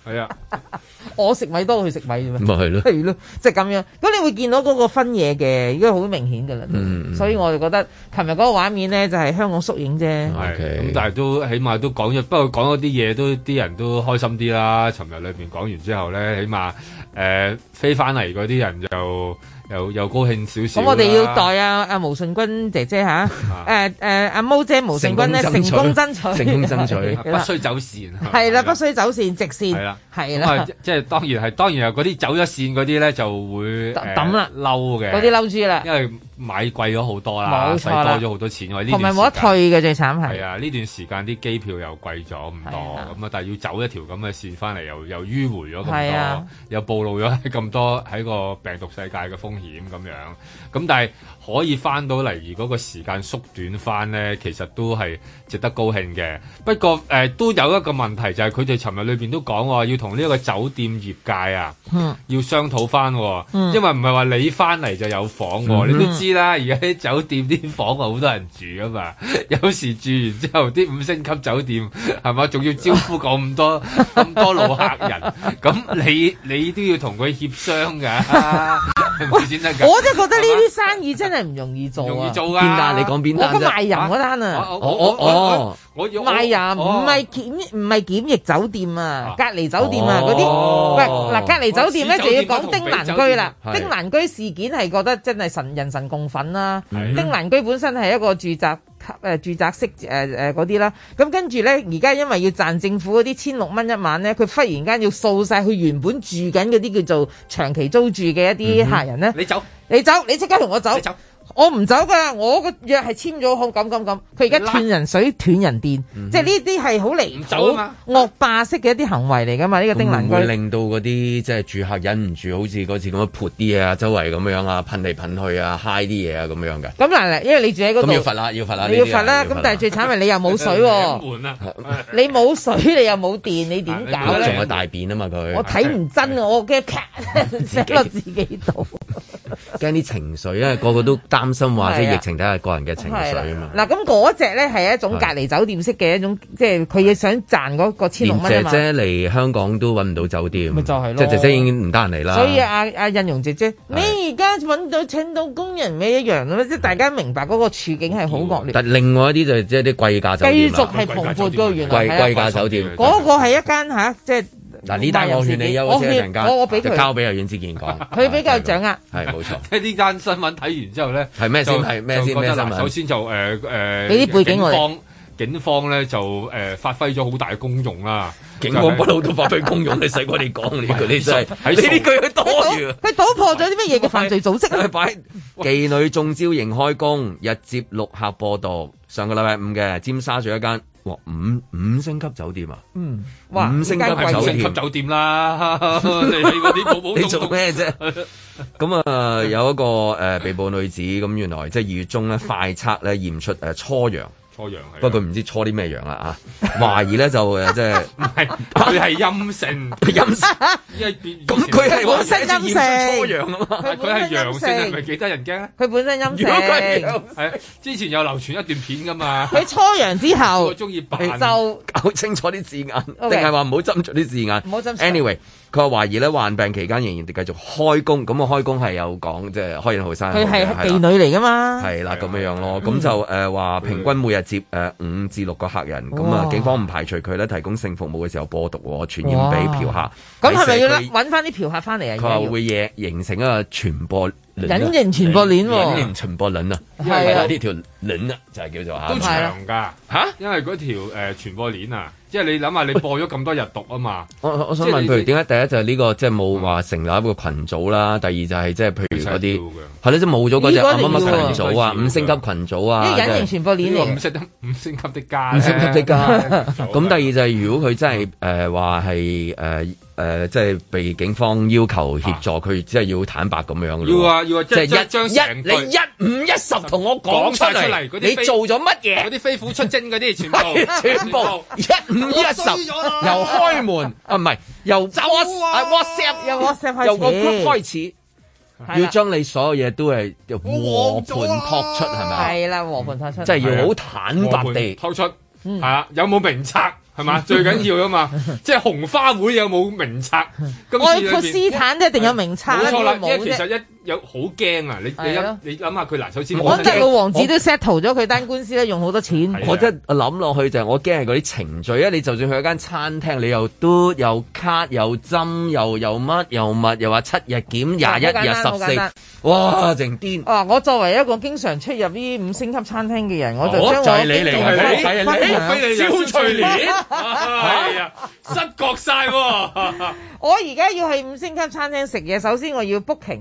係啊！ 的 我食米多過佢食米㗎咪係咯，係 咯， 即係咁樣。咁你會見到嗰個分野嘅，而家好明顯㗎啦。嗯、所以我就覺得，琴日嗰個畫面咧，就係、是、香港縮影啫。咁 Okay.、嗯，但係都起碼都講咗，不過講咗啲嘢都啲人都開心啲啦。琴日裏邊講完之後咧，起碼誒、呃、飛翻嚟嗰啲人就。又又高興少少。咁我哋要代阿阿毛舜筠姐姐吓，誒誒阿 Mo 姐毛舜筠咧成功爭取，成功爭取，不需走線。係啦，不需走線，直線。係啦，係啦。即係當然係，當然係嗰啲走咗線嗰啲咧就會揼啦，嬲嘅嗰啲嬲豬啦。買貴咗好多啦，使多咗好多錢。同埋冇得退嘅最慘係。係啊，呢段時間啲機票又貴咗唔多，咁啊，但係要走一條咁嘅線翻嚟，又又迂回咗咁多，啊、又暴露咗咁多喺個病毒世界嘅風險咁樣。咁但係可以翻到嚟如果個時間縮短翻咧，其實都係值得高興嘅。不過誒、呃，都有一個問題就係佢哋尋日裏邊都講話要同呢一個酒店業界啊，要商討翻，嗯，啊、嗯因為唔係話你翻嚟就有房，嗯嗯、你都知。知啦，而家啲酒店啲房好多人住啊嘛，有時住完之後啲五星級酒店係嘛，仲要招呼咁多咁 多老客人，咁你你都要同佢協商㗎啊。 我真係覺得呢啲生意真係唔容易做啊！邊單？你講邊單？我個賣淫嗰單啊！我我我賣淫，唔係檢唔係檢疫酒店啊？隔離酒店啊？嗰啲唔嗱？隔離酒店咧就要講丁蘭居啦。丁蘭居事件係覺得真係神人神共憤啦。丁蘭居本身係一個住宅。誒住宅式誒誒嗰啲啦，咁、呃呃、跟住呢。而家因為要賺政府嗰啲千六蚊一晚呢，佢忽然間要掃晒佢原本住緊嗰啲叫做長期租住嘅一啲客人呢。嗯、你走，你走，你走，你即刻同我走。我唔走噶，我個約係簽咗好，咁咁咁。佢而家斷人水、斷人電，即係呢啲係好嚟唔走啊惡霸式嘅一啲行為嚟噶嘛？呢個丁文軍會令到嗰啲即係住客忍唔住，好似嗰次咁樣啊潑啲嘢啊，周圍咁樣啊，噴嚟噴去啊，嗨啲嘢啊咁樣嘅。咁嗱嗱，因為你住喺嗰度，要罰啦，要罰啦，要罰啦。咁但係最慘係你又冇水，你冇水，你又冇電，你點搞咧？仲有大便啊嘛佢！我睇唔真，我驚劈死落自己度，驚啲情緒，因為個個都單擔心話即疫情底下個人嘅情緒啊嘛。嗱，咁嗰隻咧係一種隔離酒店式嘅一種，即係佢想賺嗰個千六蚊。姐姐嚟香港都揾唔到酒店，咪就係咯，即係姐姐已經唔得閒嚟啦。所以阿阿印容姐姐，你而家揾到請到工人咩一樣啦？即係大家明白嗰個處境係好惡劣。但另外一啲就係即係啲貴價酒店，繼續係蓬勃噶，原來係貴價酒店。嗰個係一間吓，即係。嗱呢單我勸你休息陣間，就交俾阿袁志健講，佢比較有掌握，係冇錯。即係呢單新聞睇完之後咧，係咩先？係咩先？咩新聞？首先就誒誒，俾啲背景我。警方警方咧就誒發揮咗好大嘅功用啦，警方不嬲都發揮功用，你使鬼你講呢句你真係喺呢啲句多餘。佢搗破咗啲乜嘢嘅犯罪組織啊？擺妓女中招仍開工，日接六客播毒。上個禮拜五嘅尖沙咀一間，哇五五星級酒店啊，嗯，哇，五星級酒店啦， 你啲寶寶你做咩啫？咁啊、 呃、有一個誒、呃、被捕女子，咁、呃、原來即係二月中咧快測咧驗出誒、呃、初陽。搓陽係，不過佢唔知搓啲咩陽啦啊！懷疑咧就誒，即係唔係佢係陰性，陰性。咁佢係我寫陰性搓陽啊嘛，佢係陽性係咪幾得人驚咧？佢本身陰性。如果佢係陽，係之前有流傳一段片噶嘛？佢搓陽之後就搞清楚啲字眼，定係話唔好斟酌啲字眼。唔好斟。Anyway。佢話懷疑咧患病期間仍然繼續開工，咁啊開工係有講即係開完好生好，佢係妓女嚟噶嘛？係啦，咁樣樣咯，咁、嗯嗯、就誒話、呃、平均每日接誒五至六個客人，咁啊哇警方唔排除佢咧提供性服務嘅時候播毒，傳染俾嫖客。咁係咪要揾翻啲嫖客翻嚟啊？佢話會惹形成一個傳播。隱形傳播鏈，隱形傳播鏈啊，就是、啊因為呢條鏈啊就係叫做吓，都長噶吓，因為嗰條誒傳播鏈啊，即係你諗下你播咗咁多日讀啊嘛，我我想問，譬如點解第一就係呢、呢個即係冇話成立一個群組啦，第二就係即係譬如嗰啲。係咯，即冇咗嗰隻乜乜群組啊，五星級群組啊，隱形傳播鏈嚟，五星級五星級的家，五星級的家。咁第二就係如果佢真係誒話係誒誒，即係被警方要求協助，佢即係要坦白咁樣咯。要啊要啊，即係一一張成堆，一五一十同我講出嚟，你做咗乜嘢？嗰啲飛虎出征嗰啲，全部全部一五一十，由開門啊唔係由 WhatsApp 由 WhatsApp 由個群開始。要將你所有嘢都係要和盤托出，係咪啊？係啦，和盤托出，即係要好坦白地托出，係、嗯、啊？有冇名冊？係嘛，最緊要噶嘛，即係紅花會有冇名冊？愛潑斯坦都一定有名冊，冇錯啦。其實一。有好驚啊！你你一你諗下佢嗱，首先我即係老王子都 settle 咗佢單官司咧，用好多錢。我一諗落去就係我驚係嗰啲程序，啊。你就算去一間餐廳，你又嘟、又卡又針，又又乜又乜，又話七日檢廿一日十四，哇，成癲！啊！我作為一個經常出入於五星級餐廳嘅人，我就將我嘅經驗分享俾你哋。失覺曬！我而家要去五星級餐廳食嘢，首先我要 booking。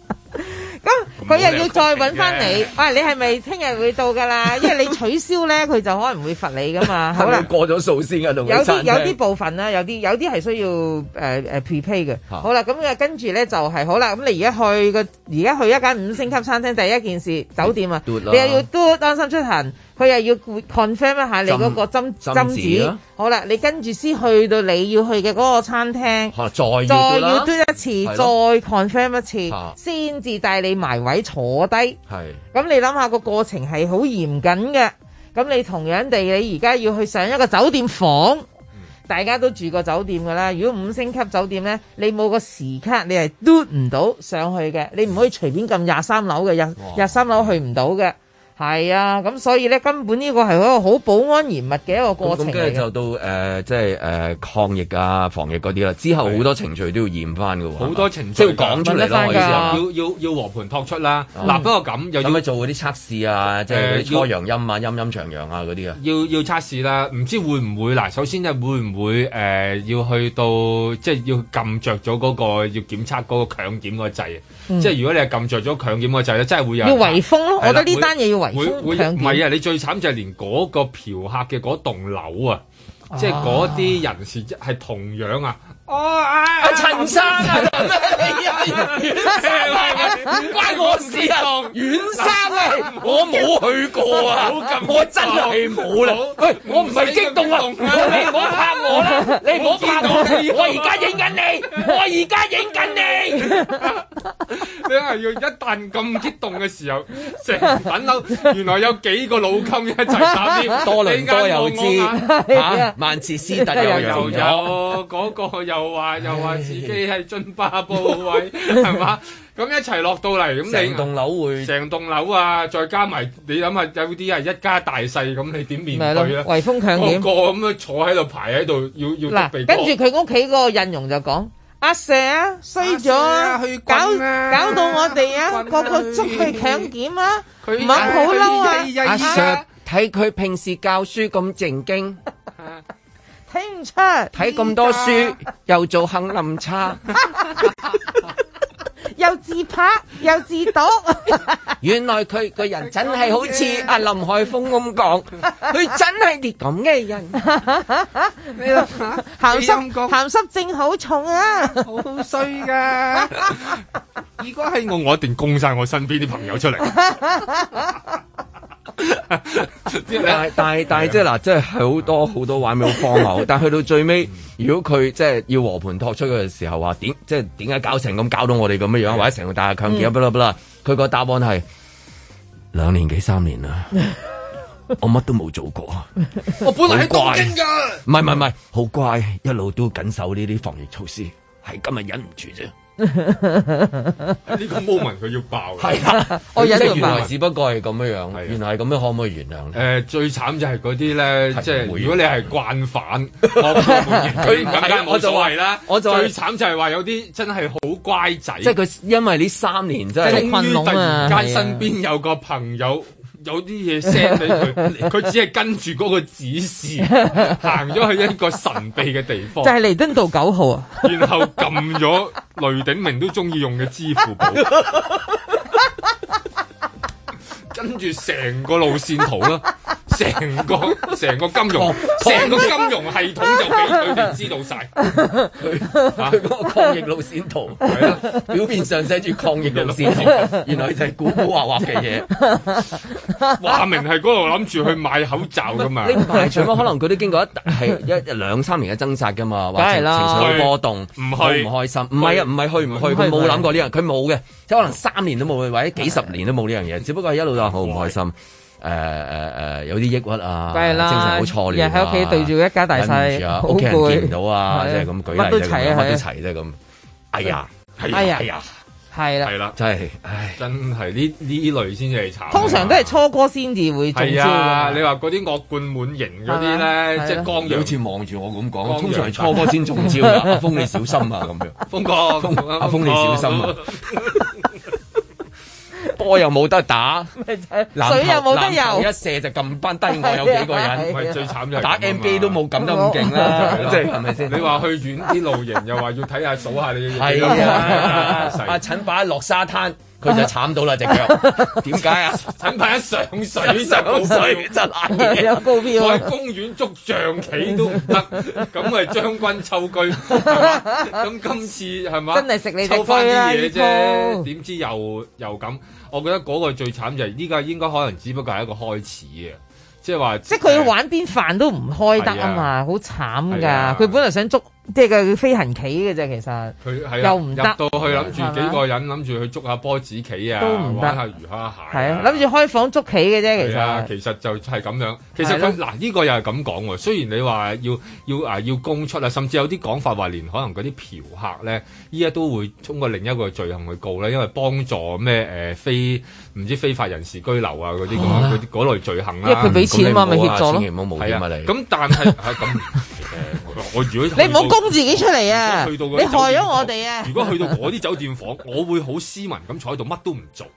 佢又要再揾翻你， 啊！你係咪聽日會到噶啦？因為你取消咧，佢 就可能會罰你噶嘛。好啦， 過咗數先噶、啊、有啲有啲部分、啊 uh, 啊、啦，有啲有啲係需要誒誒 prepare 嘅。好啦，咁嘅跟住咧就係好啦。咁你而家去個而家去一間五星級餐廳，第一件事酒店啊， 你又要都安心出行。佢又要 confirm 一下你嗰個針針紙、啊、好啦，你跟住先去到你要去嘅嗰個餐廳，再、啊、再要嘟一次，啊、再 confirm 一次，先至、啊、帶你埋位坐低。係、啊，咁你諗下個過程係好嚴謹嘅。咁你同樣地，你而家要去上一個酒店房，嗯、大家都住過酒店㗎啦。如果五星級酒店咧，你冇個時卡，你係嘟唔到上去嘅。你唔可以隨便撳廿三樓嘅，廿廿三樓去唔到嘅。係啊，咁所以咧，根本呢個係一個好保安嚴密嘅一個過程。跟住、嗯嗯、就到誒、呃，即係誒、呃、抗疫啊、防疫嗰啲啦。之後好多程序都要驗翻嘅喎，好多程序都、啊、要講出嚟啦，要要要和盤托出啦。嗱、嗯，不過咁又要，要做嗰啲測試啊，呃、即係嗰啲陽陰啊、呃、陰陰長陽啊嗰啲啊。要要測試啦，唔知會唔會嗱？首先即係會唔會誒、呃、要去到即係要撳着咗嗰個要檢測嗰個強檢嗰個掣？嗯、即係如果你係撳着咗強檢嘅，就咧、是，真係會有人。要圍封咯，的我覺得呢單嘢要圍封。會唔係啊，你最慘就係連嗰個嫖客嘅嗰棟樓啊，即係嗰啲人士係同樣啊。哦啊！陳生啊，阮生嚟嘅，唔關我事啊，阮生嚟，我冇去過啊，我真係冇啦。喂，我唔係激動啊，你唔好嚇我啦，你唔好嚇我，我而家影緊你，我而家影緊你。你係要一旦咁激動嘅時候，成粉樓原來有幾個老坑一齊撒尿，多倫多又知，吓，萬次斯特又又又嗰個又。又話又話自己係津巴布韋，係嘛？咁一齊落到嚟，咁成棟樓會成棟樓啊！再加埋你諗下，有啲係一家大細，咁你點面對咧？圍封強檢個個咁樣坐喺度排喺度，要要備跟住佢屋企個印容就講阿 Sir 啊衰咗啊，搞搞到我哋啊，個個捉去強檢啊，唔好嬲啊！阿 Sir 睇佢平時教書咁正經。睇唔出，睇咁多書又做杏林叉，又自拍又自讀， 原來佢個人真係好似阿林海峰咁講，佢 真係啲咁嘅人，鹹濕角鹹濕症好重啊， 好衰噶， 如果係我，我一定供晒我身邊啲朋友出嚟。 但係但係但係即係嗱，即係好多好多玩味，好荒謬。但係去到最尾，如果佢即係要和盤托出嘅時候，話點即係點解搞成咁，搞到我哋咁樣樣，或者成個大個強健？不啦佢個答案係兩年幾三年啦，我乜都冇做過， 我本嚟係乾淨噶，唔係唔係唔係，好乖，一路都緊守呢啲防疫措施，係今日忍唔住啫。呢 個 moment 佢要爆，係啦、啊，嗯、即係原來只不過係咁樣樣，啊、原來係咁樣，可唔可以原諒咧？誒、呃，最慘就係嗰啲咧，即係、啊、如果你係慣犯，我唔會原諒，佢更加冇所謂啦。我就最慘就係話有啲真係好乖仔，即係佢因為呢三年真係，終於突然間身邊有個朋友。有啲嘢 send 俾佢，佢 只係跟住嗰個指示 行咗去一個神秘嘅地方，就係彌敦道九號啊。 然後撳咗雷鼎明都中意用嘅支付寶， 跟住成個路線圖啦。成個成個金融，成個金融系統就俾佢哋知道晒，佢嗰、啊、個抗疫路線圖，表面上寫住抗疫路線圖， 原來就係古古惑惑嘅嘢。話明係嗰度諗住去買口罩噶嘛？ 你唔係，除非可能佢都經過一係一,一兩三年嘅掙扎噶嘛，或者情，情緒波動，唔開唔開心。唔係去啊，唔係去唔去佢冇諗過呢樣，佢冇嘅，即可能三年都冇去，或者幾十年都冇呢樣嘢。只不過一路都好唔開心。 誒誒誒，有啲抑鬱啊，精神好錯亂，喺屋企對住一家大細，屋企人見唔到啊，即係咁舉例啫咁，乜都齊啫咁，哎呀，哎呀，係啦，係啦，真係，唉，真係呢呢類先至係慘，通常都係初哥先至會中招，你話嗰啲惡貫滿盈嗰啲咧，即係剛，好似望住我咁講，通常係初哥先中招，阿峰你小心啊咁樣，峰哥，阿峰你小心啊。我又冇得打，水又冇得游，一射就撳返低我有幾個人，最慘就打 NBA 都冇咁得咁勁啦，係咪先？你話去遠啲露營又話要睇下數下你係啊？阿陳伯一落沙灘，佢就慘到啦隻腳，點解啊？陳伯一上水就冇水，就爛嘢。喺公園捉象棋都唔得，咁咪將軍抽狙，咁今次係咪？真係食你抽返啲嘢啫，點知又又咁？我覺得嗰個最慘就係依家應該可能只不過係一個開始啊，就是、即係話是，即係佢玩邊飯都唔開得啊嘛，好的慘㗎，佢的本來想捉。即係佢飛行棋嘅啫，其實佢係、啊、又唔得入到去，諗住幾個人諗住去捉下波子棋啊，都唔得，玩下魚蝦蟹，係啊，諗住、啊、開房捉棋嘅啫，其實、啊、其實就係咁樣。其實佢嗱呢個又係咁講喎。雖然你話要要啊要供出啊，甚至有啲講法話連可能嗰啲嫖客咧，依家都會通過另一個罪行去告咧，因為幫助咩誒飛。呃唔知非法人士居留啊，嗰啲咁嗰嗰類罪行啊，因為，佢俾錢啊嘛，咪協助咯，係啊，咁但係咁，我如果你唔好供自己出嚟啊，你害咗我哋啊！如果去到嗰啲酒店房，我會好斯文咁坐喺度，乜都唔做。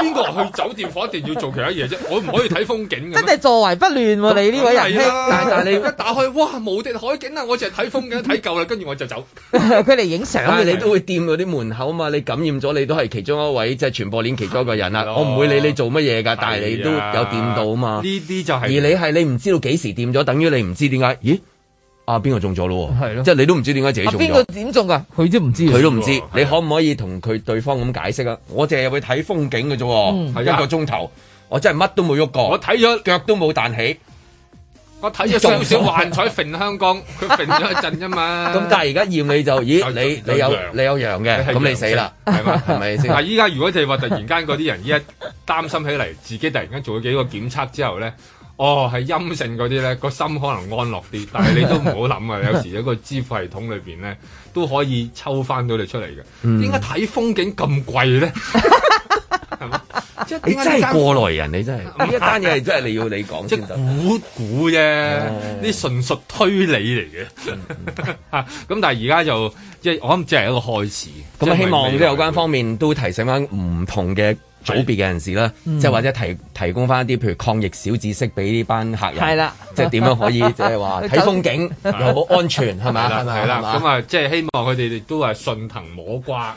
邊個話去酒店房一定要做其他嘢啫？我唔可以睇風景嘅。真係坐懷不亂喎，你呢位人但係啦，你一打開，哇，無敵海景啊！我淨係睇風景睇夠啦，跟住我就走。佢哋影相啊嘛，你都會掂嗰啲門口啊嘛，你感染咗你都係其中一位，即係傳播鏈其中一個人啦。的我唔會理會你做乜嘢噶，的但係你都有掂到啊嘛。呢啲就係、是、而你係你唔知道幾時掂咗，等於你唔知點解。咦？啊，邊個中咗咯？係咯的，即係你都唔知點解自己中咗。邊個點中噶？佢都唔知，佢都唔知。知的你可唔可以同佢對方咁解釋啊？我淨係去睇風景噶啫，嗯、一個鐘頭，我真係乜都冇喐過。我睇咗腳都冇彈起。我睇咗少少幻彩揈香港，佢揈咗一陣啫嘛。咁 但係而家要你就，咦？你你有你有陽嘅，咁，你，你死啦，係咪？係咪？依家如果即係話突然間嗰啲人一擔心起嚟，自己突然間做咗幾個檢測之後咧，哦，係陰性嗰啲咧，個心可能安樂啲。但係你都唔好諗啊，有時一個支付系統裏邊咧都可以抽翻到你出嚟嘅。點解睇風景咁貴咧？ 你、 欸、真係過來人，你真係呢 一單嘢係真係你要你講先得，估估啫，呢純屬推理嚟嘅。咁、嗯嗯、 但係而家就即係，我諗即係一個開始。咁希望有關方面都提醒翻唔同嘅。組別嘅人士啦，即係或者提提供翻一啲譬如抗疫小知識俾呢班客人，係啦，即係點樣可以即係話睇風景又好安全係咪啊？係啦，咁啊，即係希望佢哋都係順藤摸瓜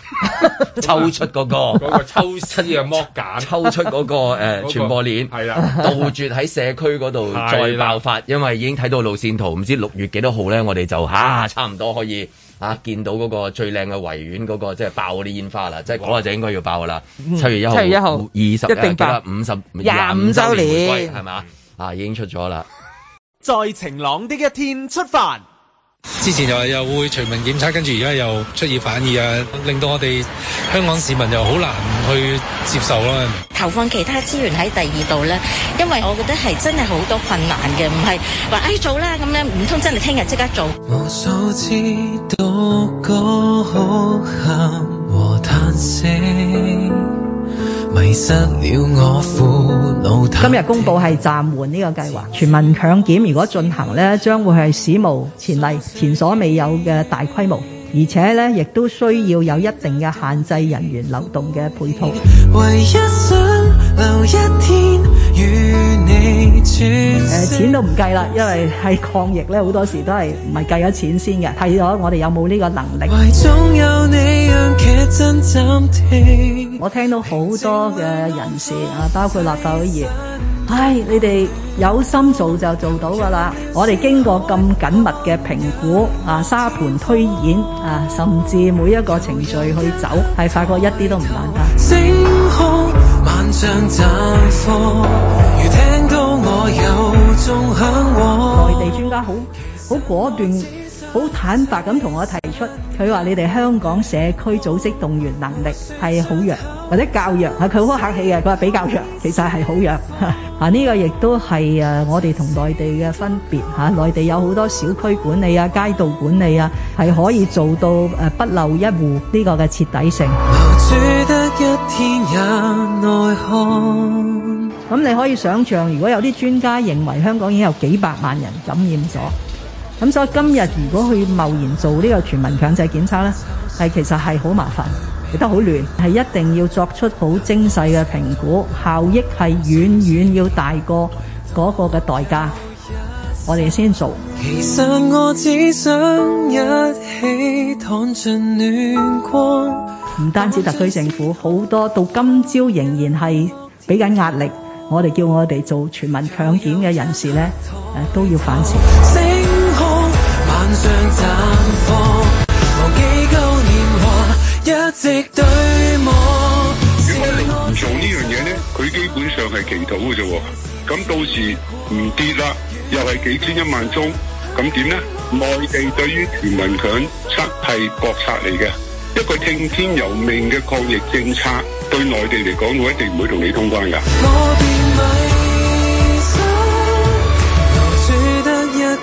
抽出嗰個抽絲嘅剝繭，抽出嗰個誒傳播鏈，係啦，杜絕喺社區嗰度再爆發，因為已經睇到路線圖，唔知六月幾多號咧，我哋就嚇差唔多可以。啊！見到嗰個最靚嘅維園嗰個，即係爆嗰啲煙花啦！哇即係嗰個就應該要爆啦！七、嗯、月，月 20, 一號，七月一號，二十定五十，廿五週年回歸係咪？啊，已經出咗啦！在 晴朗的一天出發。之前又話又會全民檢測，跟住而家又出現反意啊，令到我哋香港市民又好難去接受啦。投放其他資源喺第二度咧，因為我覺得係真係好多困難嘅，唔係話哎做啦咁樣，唔通真係聽日即刻做。喊和嘆息迷失了我父老。今日公布係暫緩呢個計劃，全民強檢如果進行呢，將會係史無前例，前所未有嘅大規模，而且呢亦都需要有一定嘅限制人員流動嘅配套。唯一想留一天。誒，錢都唔計啦，因為係抗疫咧，好多時都係唔係計咗錢先嘅，睇咗我哋有冇呢個能力。我聽到好多嘅人士啊，包括立法會議，唉，你哋有心做就做到噶啦。我哋經過咁緊密嘅評估啊，沙盤推演啊，甚至每一個程序去走，係發覺一啲都唔簡單。啊內地專家好好果斷。好坦白咁同我提出，佢話你哋香港社區組織動員能力係好弱，或者較弱，係佢好客氣嘅，佢話比較弱，其實係好弱。啊，呢個亦都係誒我哋同內地嘅分別吓、啊，內地有好多小區管理啊、街道管理啊，係可以做到誒不漏一戶呢個嘅徹底性。住得一天也內看。咁你可以想象，如果有啲專家認為香港已經有幾百萬人感染咗。咁所以今日如果去貿然做呢個全民強制檢測呢，係其實係好麻煩，亦都好亂，係一定要作出好精細嘅評估，效益係遠遠要大過嗰個嘅代價，我哋先做。其實我只想一起躺進暖光，唔單止特區政府，好多到今朝仍然係俾緊壓力，我哋叫我哋做全民強檢嘅人士呢，誒都要反思。如果你唔做呢樣嘢咧，佢基本上係祈禱嘅啫。咁到時唔跌啦，又係幾千一萬宗，咁點呢？內地對於全民強測係國策嚟嘅，一個聽天由命嘅抗疫政策，對內地嚟講，我一定唔會同你通關噶。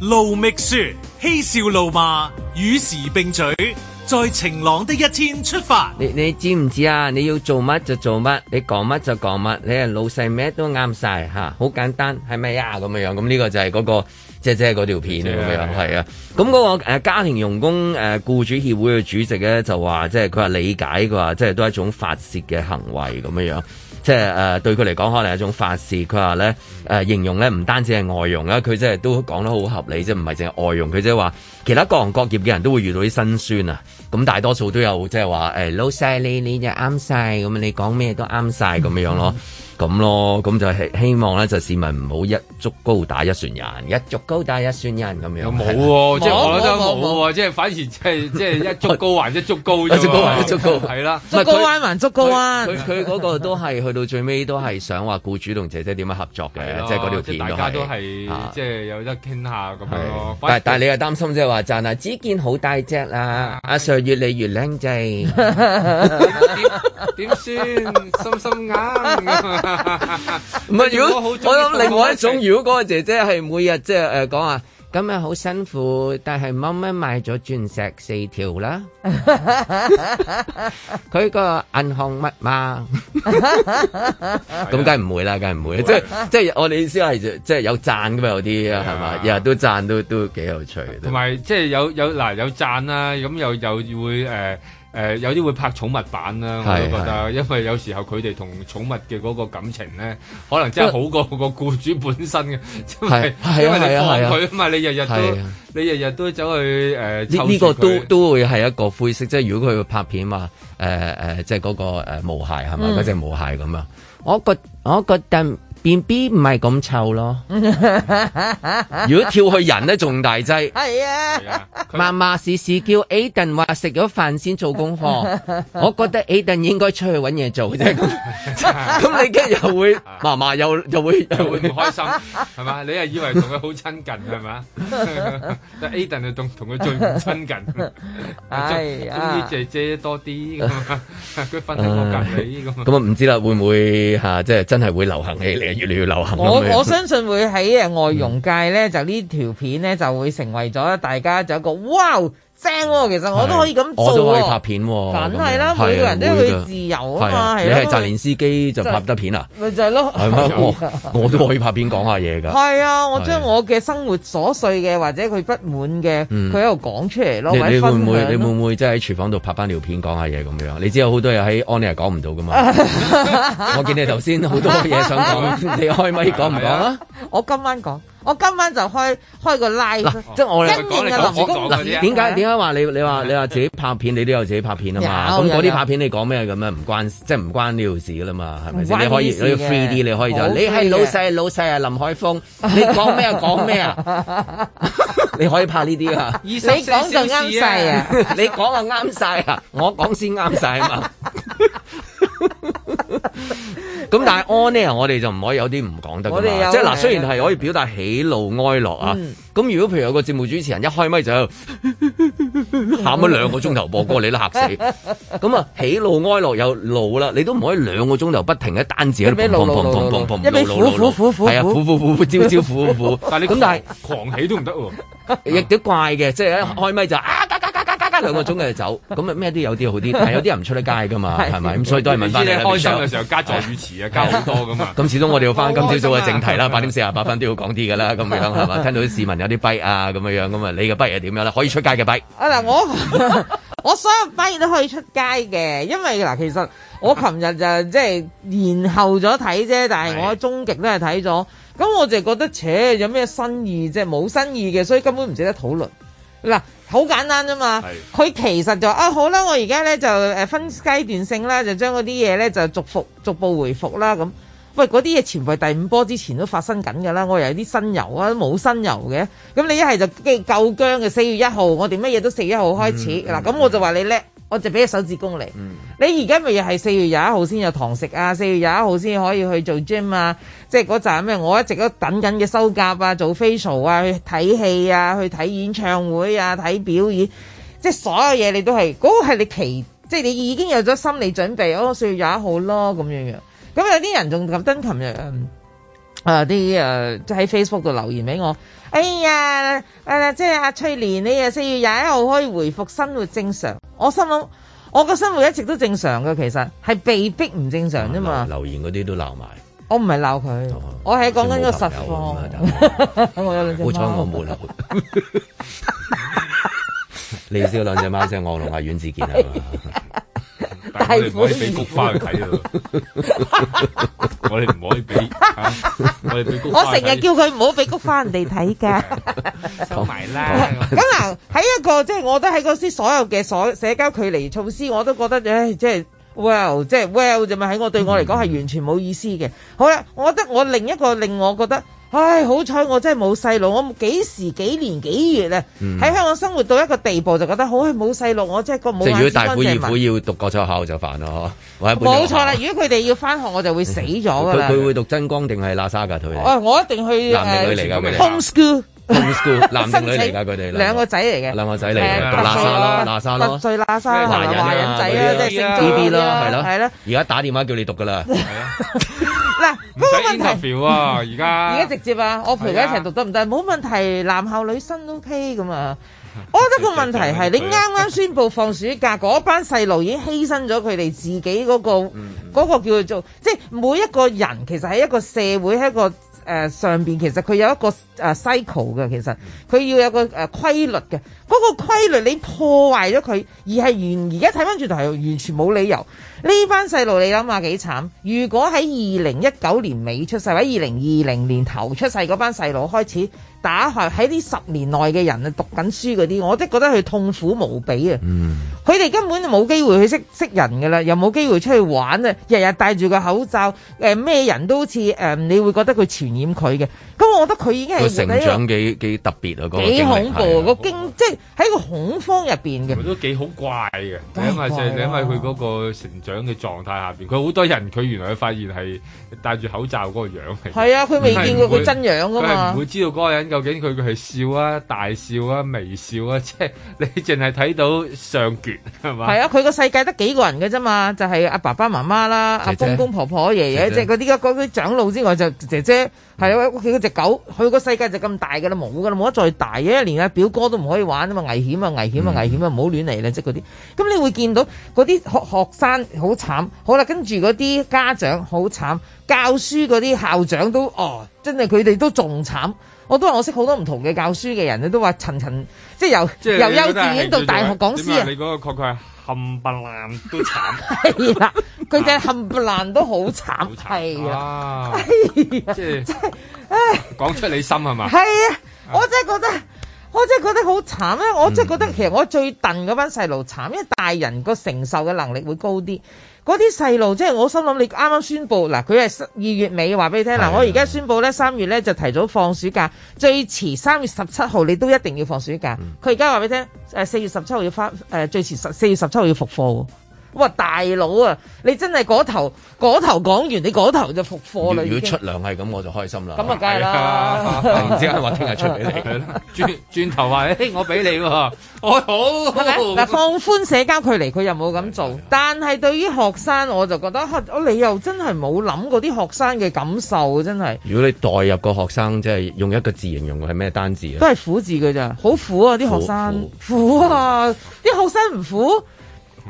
盧覓雪嬉笑怒罵與時並舉，在晴朗的一天出發。你你知唔知啊？你要做乜就做乜，你講乜就講乜，你係老細咩都啱晒吓，好、啊、簡單係咪呀？咁樣、啊、樣，咁、嗯、呢、這個就係嗰、那個即係即係嗰條片咁樣樣，係啊。咁嗰、啊啊嗯那個誒家庭傭工誒僱、呃、主協會嘅主席咧就話，即係佢話理解，佢話即係都係一種發洩嘅行為咁樣樣。即係誒、呃、對佢嚟講可能係一種法事，佢話咧誒形容咧唔單止係外用啦，佢即係都講得好合理，即係唔係淨係外用，佢即係話其他各行各業嘅人都會遇到啲辛酸啊！咁大多數都有即係話誒老細，你就你就啱晒咁啊，咁你講咩都啱晒，咁樣咯。咁咯，咁就係希望咧，就市民唔好一足高打一船人，一足高打一船人咁樣。又冇喎，即係我覺得冇喎，即係反而即係即係一足高還一足高，一足高還一足高，係啦。足高還還足高啊！佢佢嗰個都係去到最尾都係想話僱主同姐姐點樣合作嘅，即係嗰條片嘅。即大家都係即係有得傾下咁咯。但但係你又擔心即係話，讚啊！只見好大隻啦，阿 Sir 越嚟越靚仔，點算？心心眼。唔係，如果我諗另外一種，如果嗰個姐姐係每日即係誒講啊，咁啊好辛苦，但係掹掹買咗鑽石四條啦，佢個銀行密碼，咁梗唔會啦，梗唔會，即係即係我哋意思係即係有讚噶嘛，有啲呀係嘛，日日都讚都都幾有趣，同埋即係有有嗱有讚啦，咁又又會誒。誒、呃、有啲會拍寵物版啦，我都覺得，是是因為有時候佢哋同寵物嘅嗰個感情咧，可能真係好過個僱主本身嘅，係係啊係啊，是啊天天，嘛是、啊、你日日都 Aaa 你日日都走去誒，呢個都都會係一個灰色。即係如果佢拍片嘛，誒、就、誒、是，即係嗰個誒毛孩係咪？嗰隻毛孩咁啊，我覺我覺得。呃是 No. B B 唔係咁臭咯，如果跳去人咧仲大劑。係啊，媽媽時時叫 Aiden 話食咗飯先做功課。我覺得 Aiden 應該出去搵嘢做嘅啫。咁你跟又會媽媽又又會又會唔開心係嘛？你係以為同佢好親近係嘛？但 Aiden 就同同佢最唔親近。係啊，姐姐多啲，佢瞓喺我隔籬咁。咁啊唔知啦，會唔會吓即係真係會流行起嚟？越嚟越流行我。我我相信會喺誒內容界咧，就呢條片咧，就會成為咗大家就一個哇！正喎，其實我都可以咁做，我都可以拍片，梗係啦，每個人都要自由啊嘛，你係澤連斯基就拍得片啊？咪就係咯，我我都可以拍片講下嘢㗎。係啊，我將我嘅生活瑣碎嘅或者佢不滿嘅，佢喺度講出嚟咯，或者分享。你會唔會？你會唔會即係喺廚房度拍翻條片講下嘢咁樣？你知有好多嘢喺安利係講唔到㗎嘛？我見你頭先好多嘢想講，你開麥講唔講啊？我今晚講。我今晚就開開個 live，今年、啊、我咁點解點解，話你你話你話自己拍片你都有自己拍片啊嘛？咁嗰啲拍片你講咩咁啊？唔關即係唔關呢回事㗎喇嘛，係咪先？你可以你要 free 啲，你可以就的你係老細，老細係、啊、林海峰，你講咩就講咩啊！啊 你可以拍呢啲啊！你講就啱晒啊！ 你講就啱晒啊！我講先啱晒啊嘛！咁但係 on air，我哋就唔可以有啲唔講得噶嘛。即係嗱，雖然係可以表達喜怒哀樂啊。咁如果譬如有個節目主持人一開咪就喊咗兩個鐘頭播歌，你都吓死。咁啊，喜怒哀樂有路啦，你都唔可以兩個鐘頭不停一單字一咩？怒怒怒怒怒怒，一咩？苦苦苦苦，係啊，苦苦苦苦，朝朝苦苦。但係你咁，但狂喜都唔得喎。亦都怪嘅，即係一開咪就啊！兩個鐘嘅就走，咁啊咩都有啲好啲，但係有啲人唔出得街噶嘛，係咪？ 咁所以都係問翻。你開場嘅時候加助語詞啊，加好多噶嘛。咁始終我哋要翻今朝早嘅正題啦，八點四啊八分都要講啲噶啦，咁 樣係嘛？聽到啲市民有啲跛啊，咁樣樣咁啊，你嘅跛係點樣咧？可以出街嘅跛。啊嗱，我我所有跛都可以出街嘅，因為嗱，其實我琴日就即係延後咗睇啫，但係我終極都係睇咗。咁我就覺得，扯，有咩新意即係？冇新意嘅，所以根本唔值得討論。嗱，好簡單啫嘛，佢係其實就，啊好啦，我而家咧就誒分階段性啦，就將嗰啲嘢咧就逐步逐步回復啦咁。喂，嗰啲嘢前排第五波之前都發生緊㗎啦，我又有啲新油啊？冇新油嘅，咁你一係就夠僵嘅。四月一號，我哋乜嘢都四月一號開始嗱，咁我就話你叻。我就俾隻手指公嚟，嗯、你而家咪又係四月廿一號先有堂食啊，四月廿一號先可以去做 gym 啊，即係嗰陣咩？我一直都等緊嘅收假啊，做 facial 啊，去睇戲啊，去睇演唱會啊，睇表演，即係所有嘢你都係嗰、嗰個係你期，即、就、係、是、你已經有咗心理準備，我、哦、四月廿一號咯咁樣樣，咁有啲人仲急登琴日啊～誒，啲誒、uh，即喺 Facebook 度留言俾我。哎呀，誒、呃，即係阿翠蓮，你啊四月廿一號可以回復生活正常。我心諗，我個生活一直都正常嘅，其實係被逼唔正常啫嘛、啊。留言嗰啲都鬧埋，我唔係鬧佢， 我係講緊個實況。 好彩我冇。 你笑兩隻貓聲，我同阿阮志健啊。泥我哋唔可以俾菊花去睇啊！我哋唔可以俾，我成日叫佢唔好俾菊花人哋睇㗎，收埋啦。咁啊，喺 一個即係、就是、我都喺嗰啲所有嘅所社交距離措施，我都覺得誒，即係 well，即係 well，就咪、是、喺、就是、我， 我對我嚟講係完全冇意思嘅。好啦，我覺得我另一個令我覺得。唉，好彩我真係冇細路，我幾時幾年幾月啊？喺、嗯、香港生活到一個地步，就覺得好冇細路，我真係個冇即，如果大虎二虎要讀國際學校就煩啦，嗬錯！冇錯啦，如果佢哋要翻學，我就會死咗，佢佢會讀真光定係喇沙㗎？佢哋哦，我一定去男定女嚟㗎？home school。男生女嚟噶佢哋啦，兩個仔嚟嘅，兩個仔嚟嘅，讀喇沙咯，喇沙咯，最喇沙啦，華人仔啦，即係 TVB 啦，係咯，係咯，而家打電話叫你讀噶啦，係啊，嗱，唔使 interview 啊，而家而家直接啊，我陪佢一齊讀得唔得？冇問題，男校女生 OK 咁啊。我覺得個問題係你啱啱宣布放暑假，嗰班細路已經犧牲咗佢哋自己嗰個嗰個叫做即係每一個人其實喺一個社會喺一個。誒、呃，上邊其實佢有一個誒、呃、cycle 嘅，其實佢要有個誒規、呃、律嘅，嗰、那個規律你破壞咗佢，而係完而家睇翻轉頭，係完全冇理由。呢班細路你諗下幾慘？如果喺二零一九年尾出世，或者二零二零年頭出世嗰班細路開始打開喺呢十年內嘅人啊讀緊書嗰啲，我都覺得佢痛苦無比啊！佢哋根本就冇機會去識識人㗎喇，又冇機會出去玩啊，日日戴住個口罩，誒咩人都好似誒，你會覺得佢傳染佢嘅。咁我覺得佢已經係成長幾幾特別啊！嗰個幾恐怖個經，即係喺個恐慌入邊嘅。佢都幾好怪嘅，你諗下就諗下佢嗰個成長。樣嘅狀態下邊，佢好多人，佢原來佢發現係戴住口罩嗰個樣嚟。係啊，佢未見過佢真樣噶嘛，佢唔會知道嗰個人究竟佢佢係笑啊、大笑啊、微笑啊，即係你淨係睇到上截係嘛？係啊，佢個世界得幾個人嘅啫嘛，就係阿爸爸媽媽啦、阿公公婆婆、爺爺，即係嗰啲啊嗰啲長老之外，就姐姐係啊，屋企嗰隻狗，佢個世界就咁大噶啦，冇噶啦，冇得再大嘅，連阿表哥都唔可以玩啊嘛，危險啊，危險啊，危險啊，唔好亂嚟啦，即係嗰啲。咁你會見到嗰啲學學生。好慘，好啦，跟住嗰啲家長好慘，教書嗰啲校長都，哦，真係佢哋都仲慘，我都話我識好多唔同嘅教書嘅人，都話陳陳，即係由由幼稚園到大學講師啊，你嗰個確確係冚唪唥都慘，係啦，佢哋冚唪唥都好慘，係啊，即係，唉，講出你心係嘛，係啊，我真係覺得。我真係覺得好慘吖！我真係覺得其實我最戥嗰班細路慘，因為大人個承受嘅能力會高啲。嗰啲細路即係我心諗，你啱啱宣布嗱，佢係二月尾話俾你聽嗱，的我而家宣布呢，三月呢就提早放暑假，最遲三月十七號你都一定要放暑假。佢而家話俾你聽，誒四月十七號要翻，誒最遲十四月十七號要復課。哇大佬啊，你真係嗰頭嗰頭講完，你嗰頭就復課啦！如果出糧係咁，我就開心啦。咁啊，梗係啦！突然之間話聽日出俾你，轉轉 頭話誒，我俾你喎，我、哎、好嗱，放寬社交距離，佢又冇咁做。但係對於學生，我就覺得吓、啊，你又真係冇諗過啲學生嘅感受，真係。如果你代入個學生，即係用一個字形容，係咩單字啊？都係苦字噶咋，好苦啊！啲學生苦，苦，苦啊，啲學生唔苦。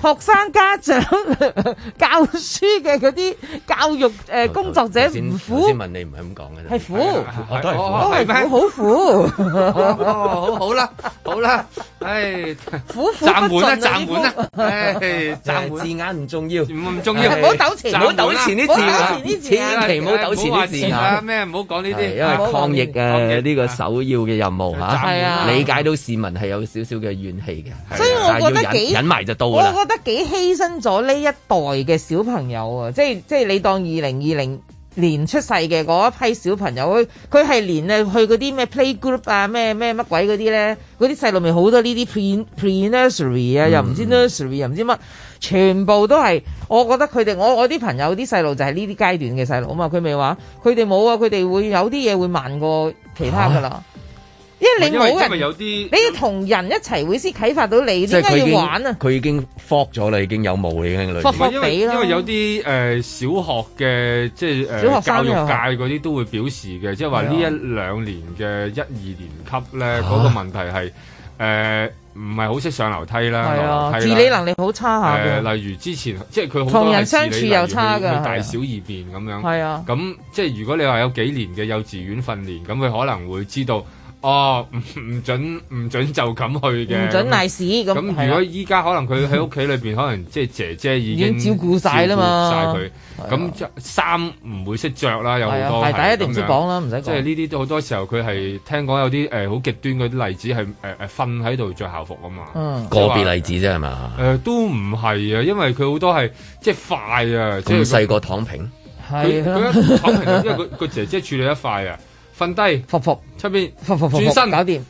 學生、家長、教書嘅嗰啲教育誒工作者唔苦，先問你唔係咁講嘅啫，係苦，好多人都苦，係咩？好苦，哦，好，好啦，好啦，唉，苦，暫緩啦，暫緩啦，唉，暫緩。字眼唔重要，唔重要，唔好糾纏，唔好糾纏啲字啊，千祈唔好糾纏啲字啊，咩唔好講呢啲，因為抗疫嘅，呢個首要嘅任務吓，係啊，理解到市民係有少少嘅怨氣嘅，所以我覺得忍埋就到啦。得幾犧牲咗呢一代嘅小朋友啊！即係即係你當二零二零年出世嘅嗰一批小朋友，佢佢係連去嗰啲咩 playgroup 啊，咩咩乜鬼嗰啲咧，嗰啲細路咪好多呢啲 pre pre nursery 啊，嗯、又唔知 nursery 又唔知乜，全部都係，我覺得佢哋我我啲朋友啲細路就係呢啲階段嘅細路啊嘛，佢咪話佢哋冇啊，佢哋會有啲嘢會慢過其他噶啦。啊因為你冇人，你要同人一齊會先啟發到你，點解要玩啊。佢已經霍咗啦，已經有毛啦，已經。霍霍因為有啲誒小學嘅即係誒小學教育界嗰啲都會表示嘅，即係話呢一兩年嘅一二年級咧嗰個問題係誒唔係好識上樓梯啦，自理能力好差下嘅。例如之前即係佢好多人相處又差佢大小二便咁樣。係啊，咁即係如果你話有幾年嘅幼稚園訓練，咁佢可能會知道。哦，唔唔準唔準就咁去嘅，唔準瀨屎。咁。如果依家可能佢喺屋企裏邊，可能即係姐姐已經照顧晒啦嘛。曬佢咁衫唔會識着啦，有好多係咁樣。一定唔識講啦，唔使。即係呢啲都好多時候佢係聽講有啲誒好極端啲例子係誒誒瞓喺度着校服啊嘛。個別例子啫係嘛？誒都唔係啊，因為佢好多係即係快啊。即係細個躺平係啦，躺平即係佢個姐姐處理得快啊。瞓低，伏伏出邊，伏伏伏伏轉身搞掂，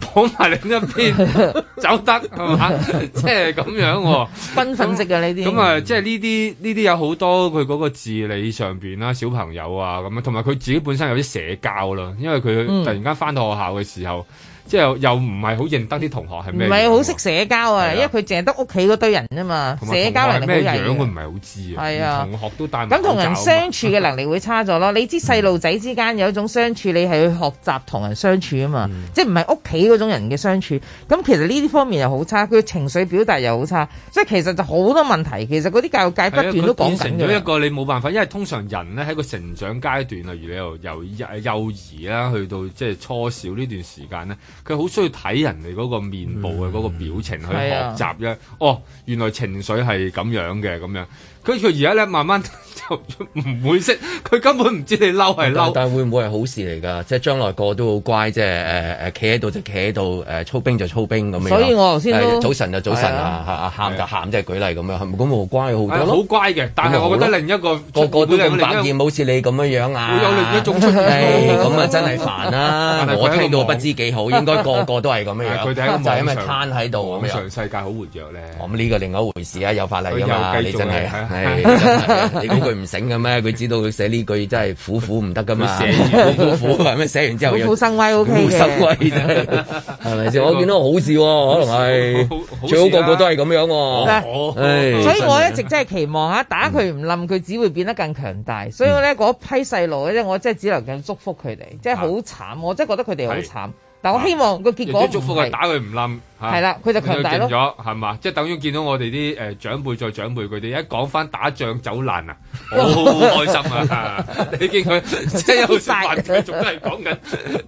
捧埋、嗯、另一邊，走得係嘛？即係咁樣， 分分食嘅呢啲。咁啊，即係呢啲呢啲有好多佢嗰個自理上邊啦，小朋友啊咁啊，同埋佢自己本身有啲社交啦，因為佢突然間翻到學校嘅時候。即係又唔係好認得啲同學係咩？唔係好識社交啊，啊因為佢淨係得屋企嗰堆人啫嘛。社交能力，咩樣佢唔係好知啊？係啊，同學都帶唔到。咁同人相處嘅能力會差咗咯。 你知細路仔之間有一種相處，你係去學習同人相處啊嘛。嗯、即係唔係屋企嗰種人嘅相處？咁、嗯、其實呢啲方面又好差，佢情緒表達又好差，所以其實就好多問題。其實嗰啲教育界不斷都講緊嘅。變成咗一個你冇辦法，因為通常人咧喺個成長階段，例如你由幼兒啦去到即係初小呢段時間咧。佢好需要睇人哋嗰個面部嘅嗰個表情去學習啫。哦，原來情緒係咁樣嘅咁樣。佢佢而家咧慢慢就唔會識，佢根本唔知你嬲係嬲。但係會唔會係好事嚟㗎？即係將來個都好乖，即係誒誒，企喺度就企喺度，誒操兵就操兵咁樣。所以我頭先講早晨就早晨啊，喊就喊，即係舉例咁樣。咁好乖，好乖嘅。但係我覺得另一個個個舉例百厭，好似你咁樣樣啊。咁啊，真係煩啦！我聽到不知幾好，應該。個個都係咁樣，佢哋就因為攤喺度咁上世界好活躍咧，咁呢個另一回事啊！有法例嘅嘛，你真係，係真係呢句唔醒嘅咩？佢知道佢寫呢句真係苦苦唔得噶嘛。寫苦苦，係咪寫完之後苦生威？O K 苦生威啫，係咪先？我見到好笑喎，可能係最好個個都係咁樣喎。所以我一直真係期望嚇打佢唔冧，佢只會變得更強大。所以我咧嗰批細路咧，我真係只能夠祝福佢哋，即係好慘，我真係覺得佢哋好慘。但我希望個、啊、結果打佢唔冧。係、啊、啦，佢就強大咯，係嘛，即係等於見到我哋啲誒長輩再長輩佢哋一講翻打仗走難啊，好、 哦、開心啊！ 你見佢即係有時問佢，仲都係講緊，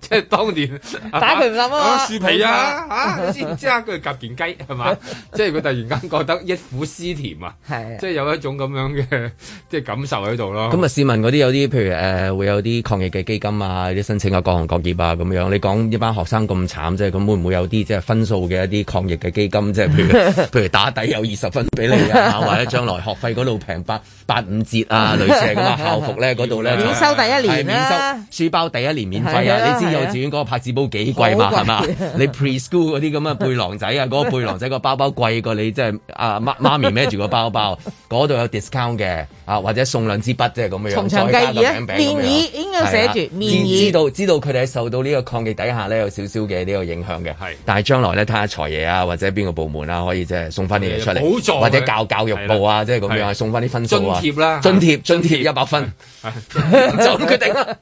即係當年打佢唔落啊嘛，樹皮啊嚇，你知唔知啊？佢夾便雞係嘛？ 即係佢突然間覺得憶苦思甜啊， 即係有一種咁樣嘅即係感受喺度咯。咁啊，市民嗰啲有啲譬如誒、呃呃、會有啲抗疫嘅基金啊，啲申請啊，各行各業啊咁樣。你講一班學生咁慘啫，咁會唔會有啲即係分數嘅？一啲抗疫嘅基金，即係譬如譬如打底有二十分俾你啊，或者將來學費嗰度平八八五折啊，類似係咁啊。校服咧嗰度咧免收第一年，免收書包，第一年免費啊。你知幼稚園嗰個拍紙簿幾貴嘛？係嘛？你 preschool 嗰啲咁嘅背囊仔啊，嗰個背囊仔個包包貴過你，即係啊媽媽咪孭住個包包嗰度有 discount 嘅啊，或者送兩支筆即係咁樣樣，再加個餅餅咁樣。棉已經寫住，知道知道佢哋係受到呢個抗疫底下咧有少少嘅呢個影響嘅。係，但係將來咧睇下。財爺啊，或者邊個部門啊，可以即係送翻啲嘢出嚟，或者教教育部啊，即係咁樣的送翻啲分數啊，津貼啦，津貼津貼一百分，貼 就咁決定啦，啊。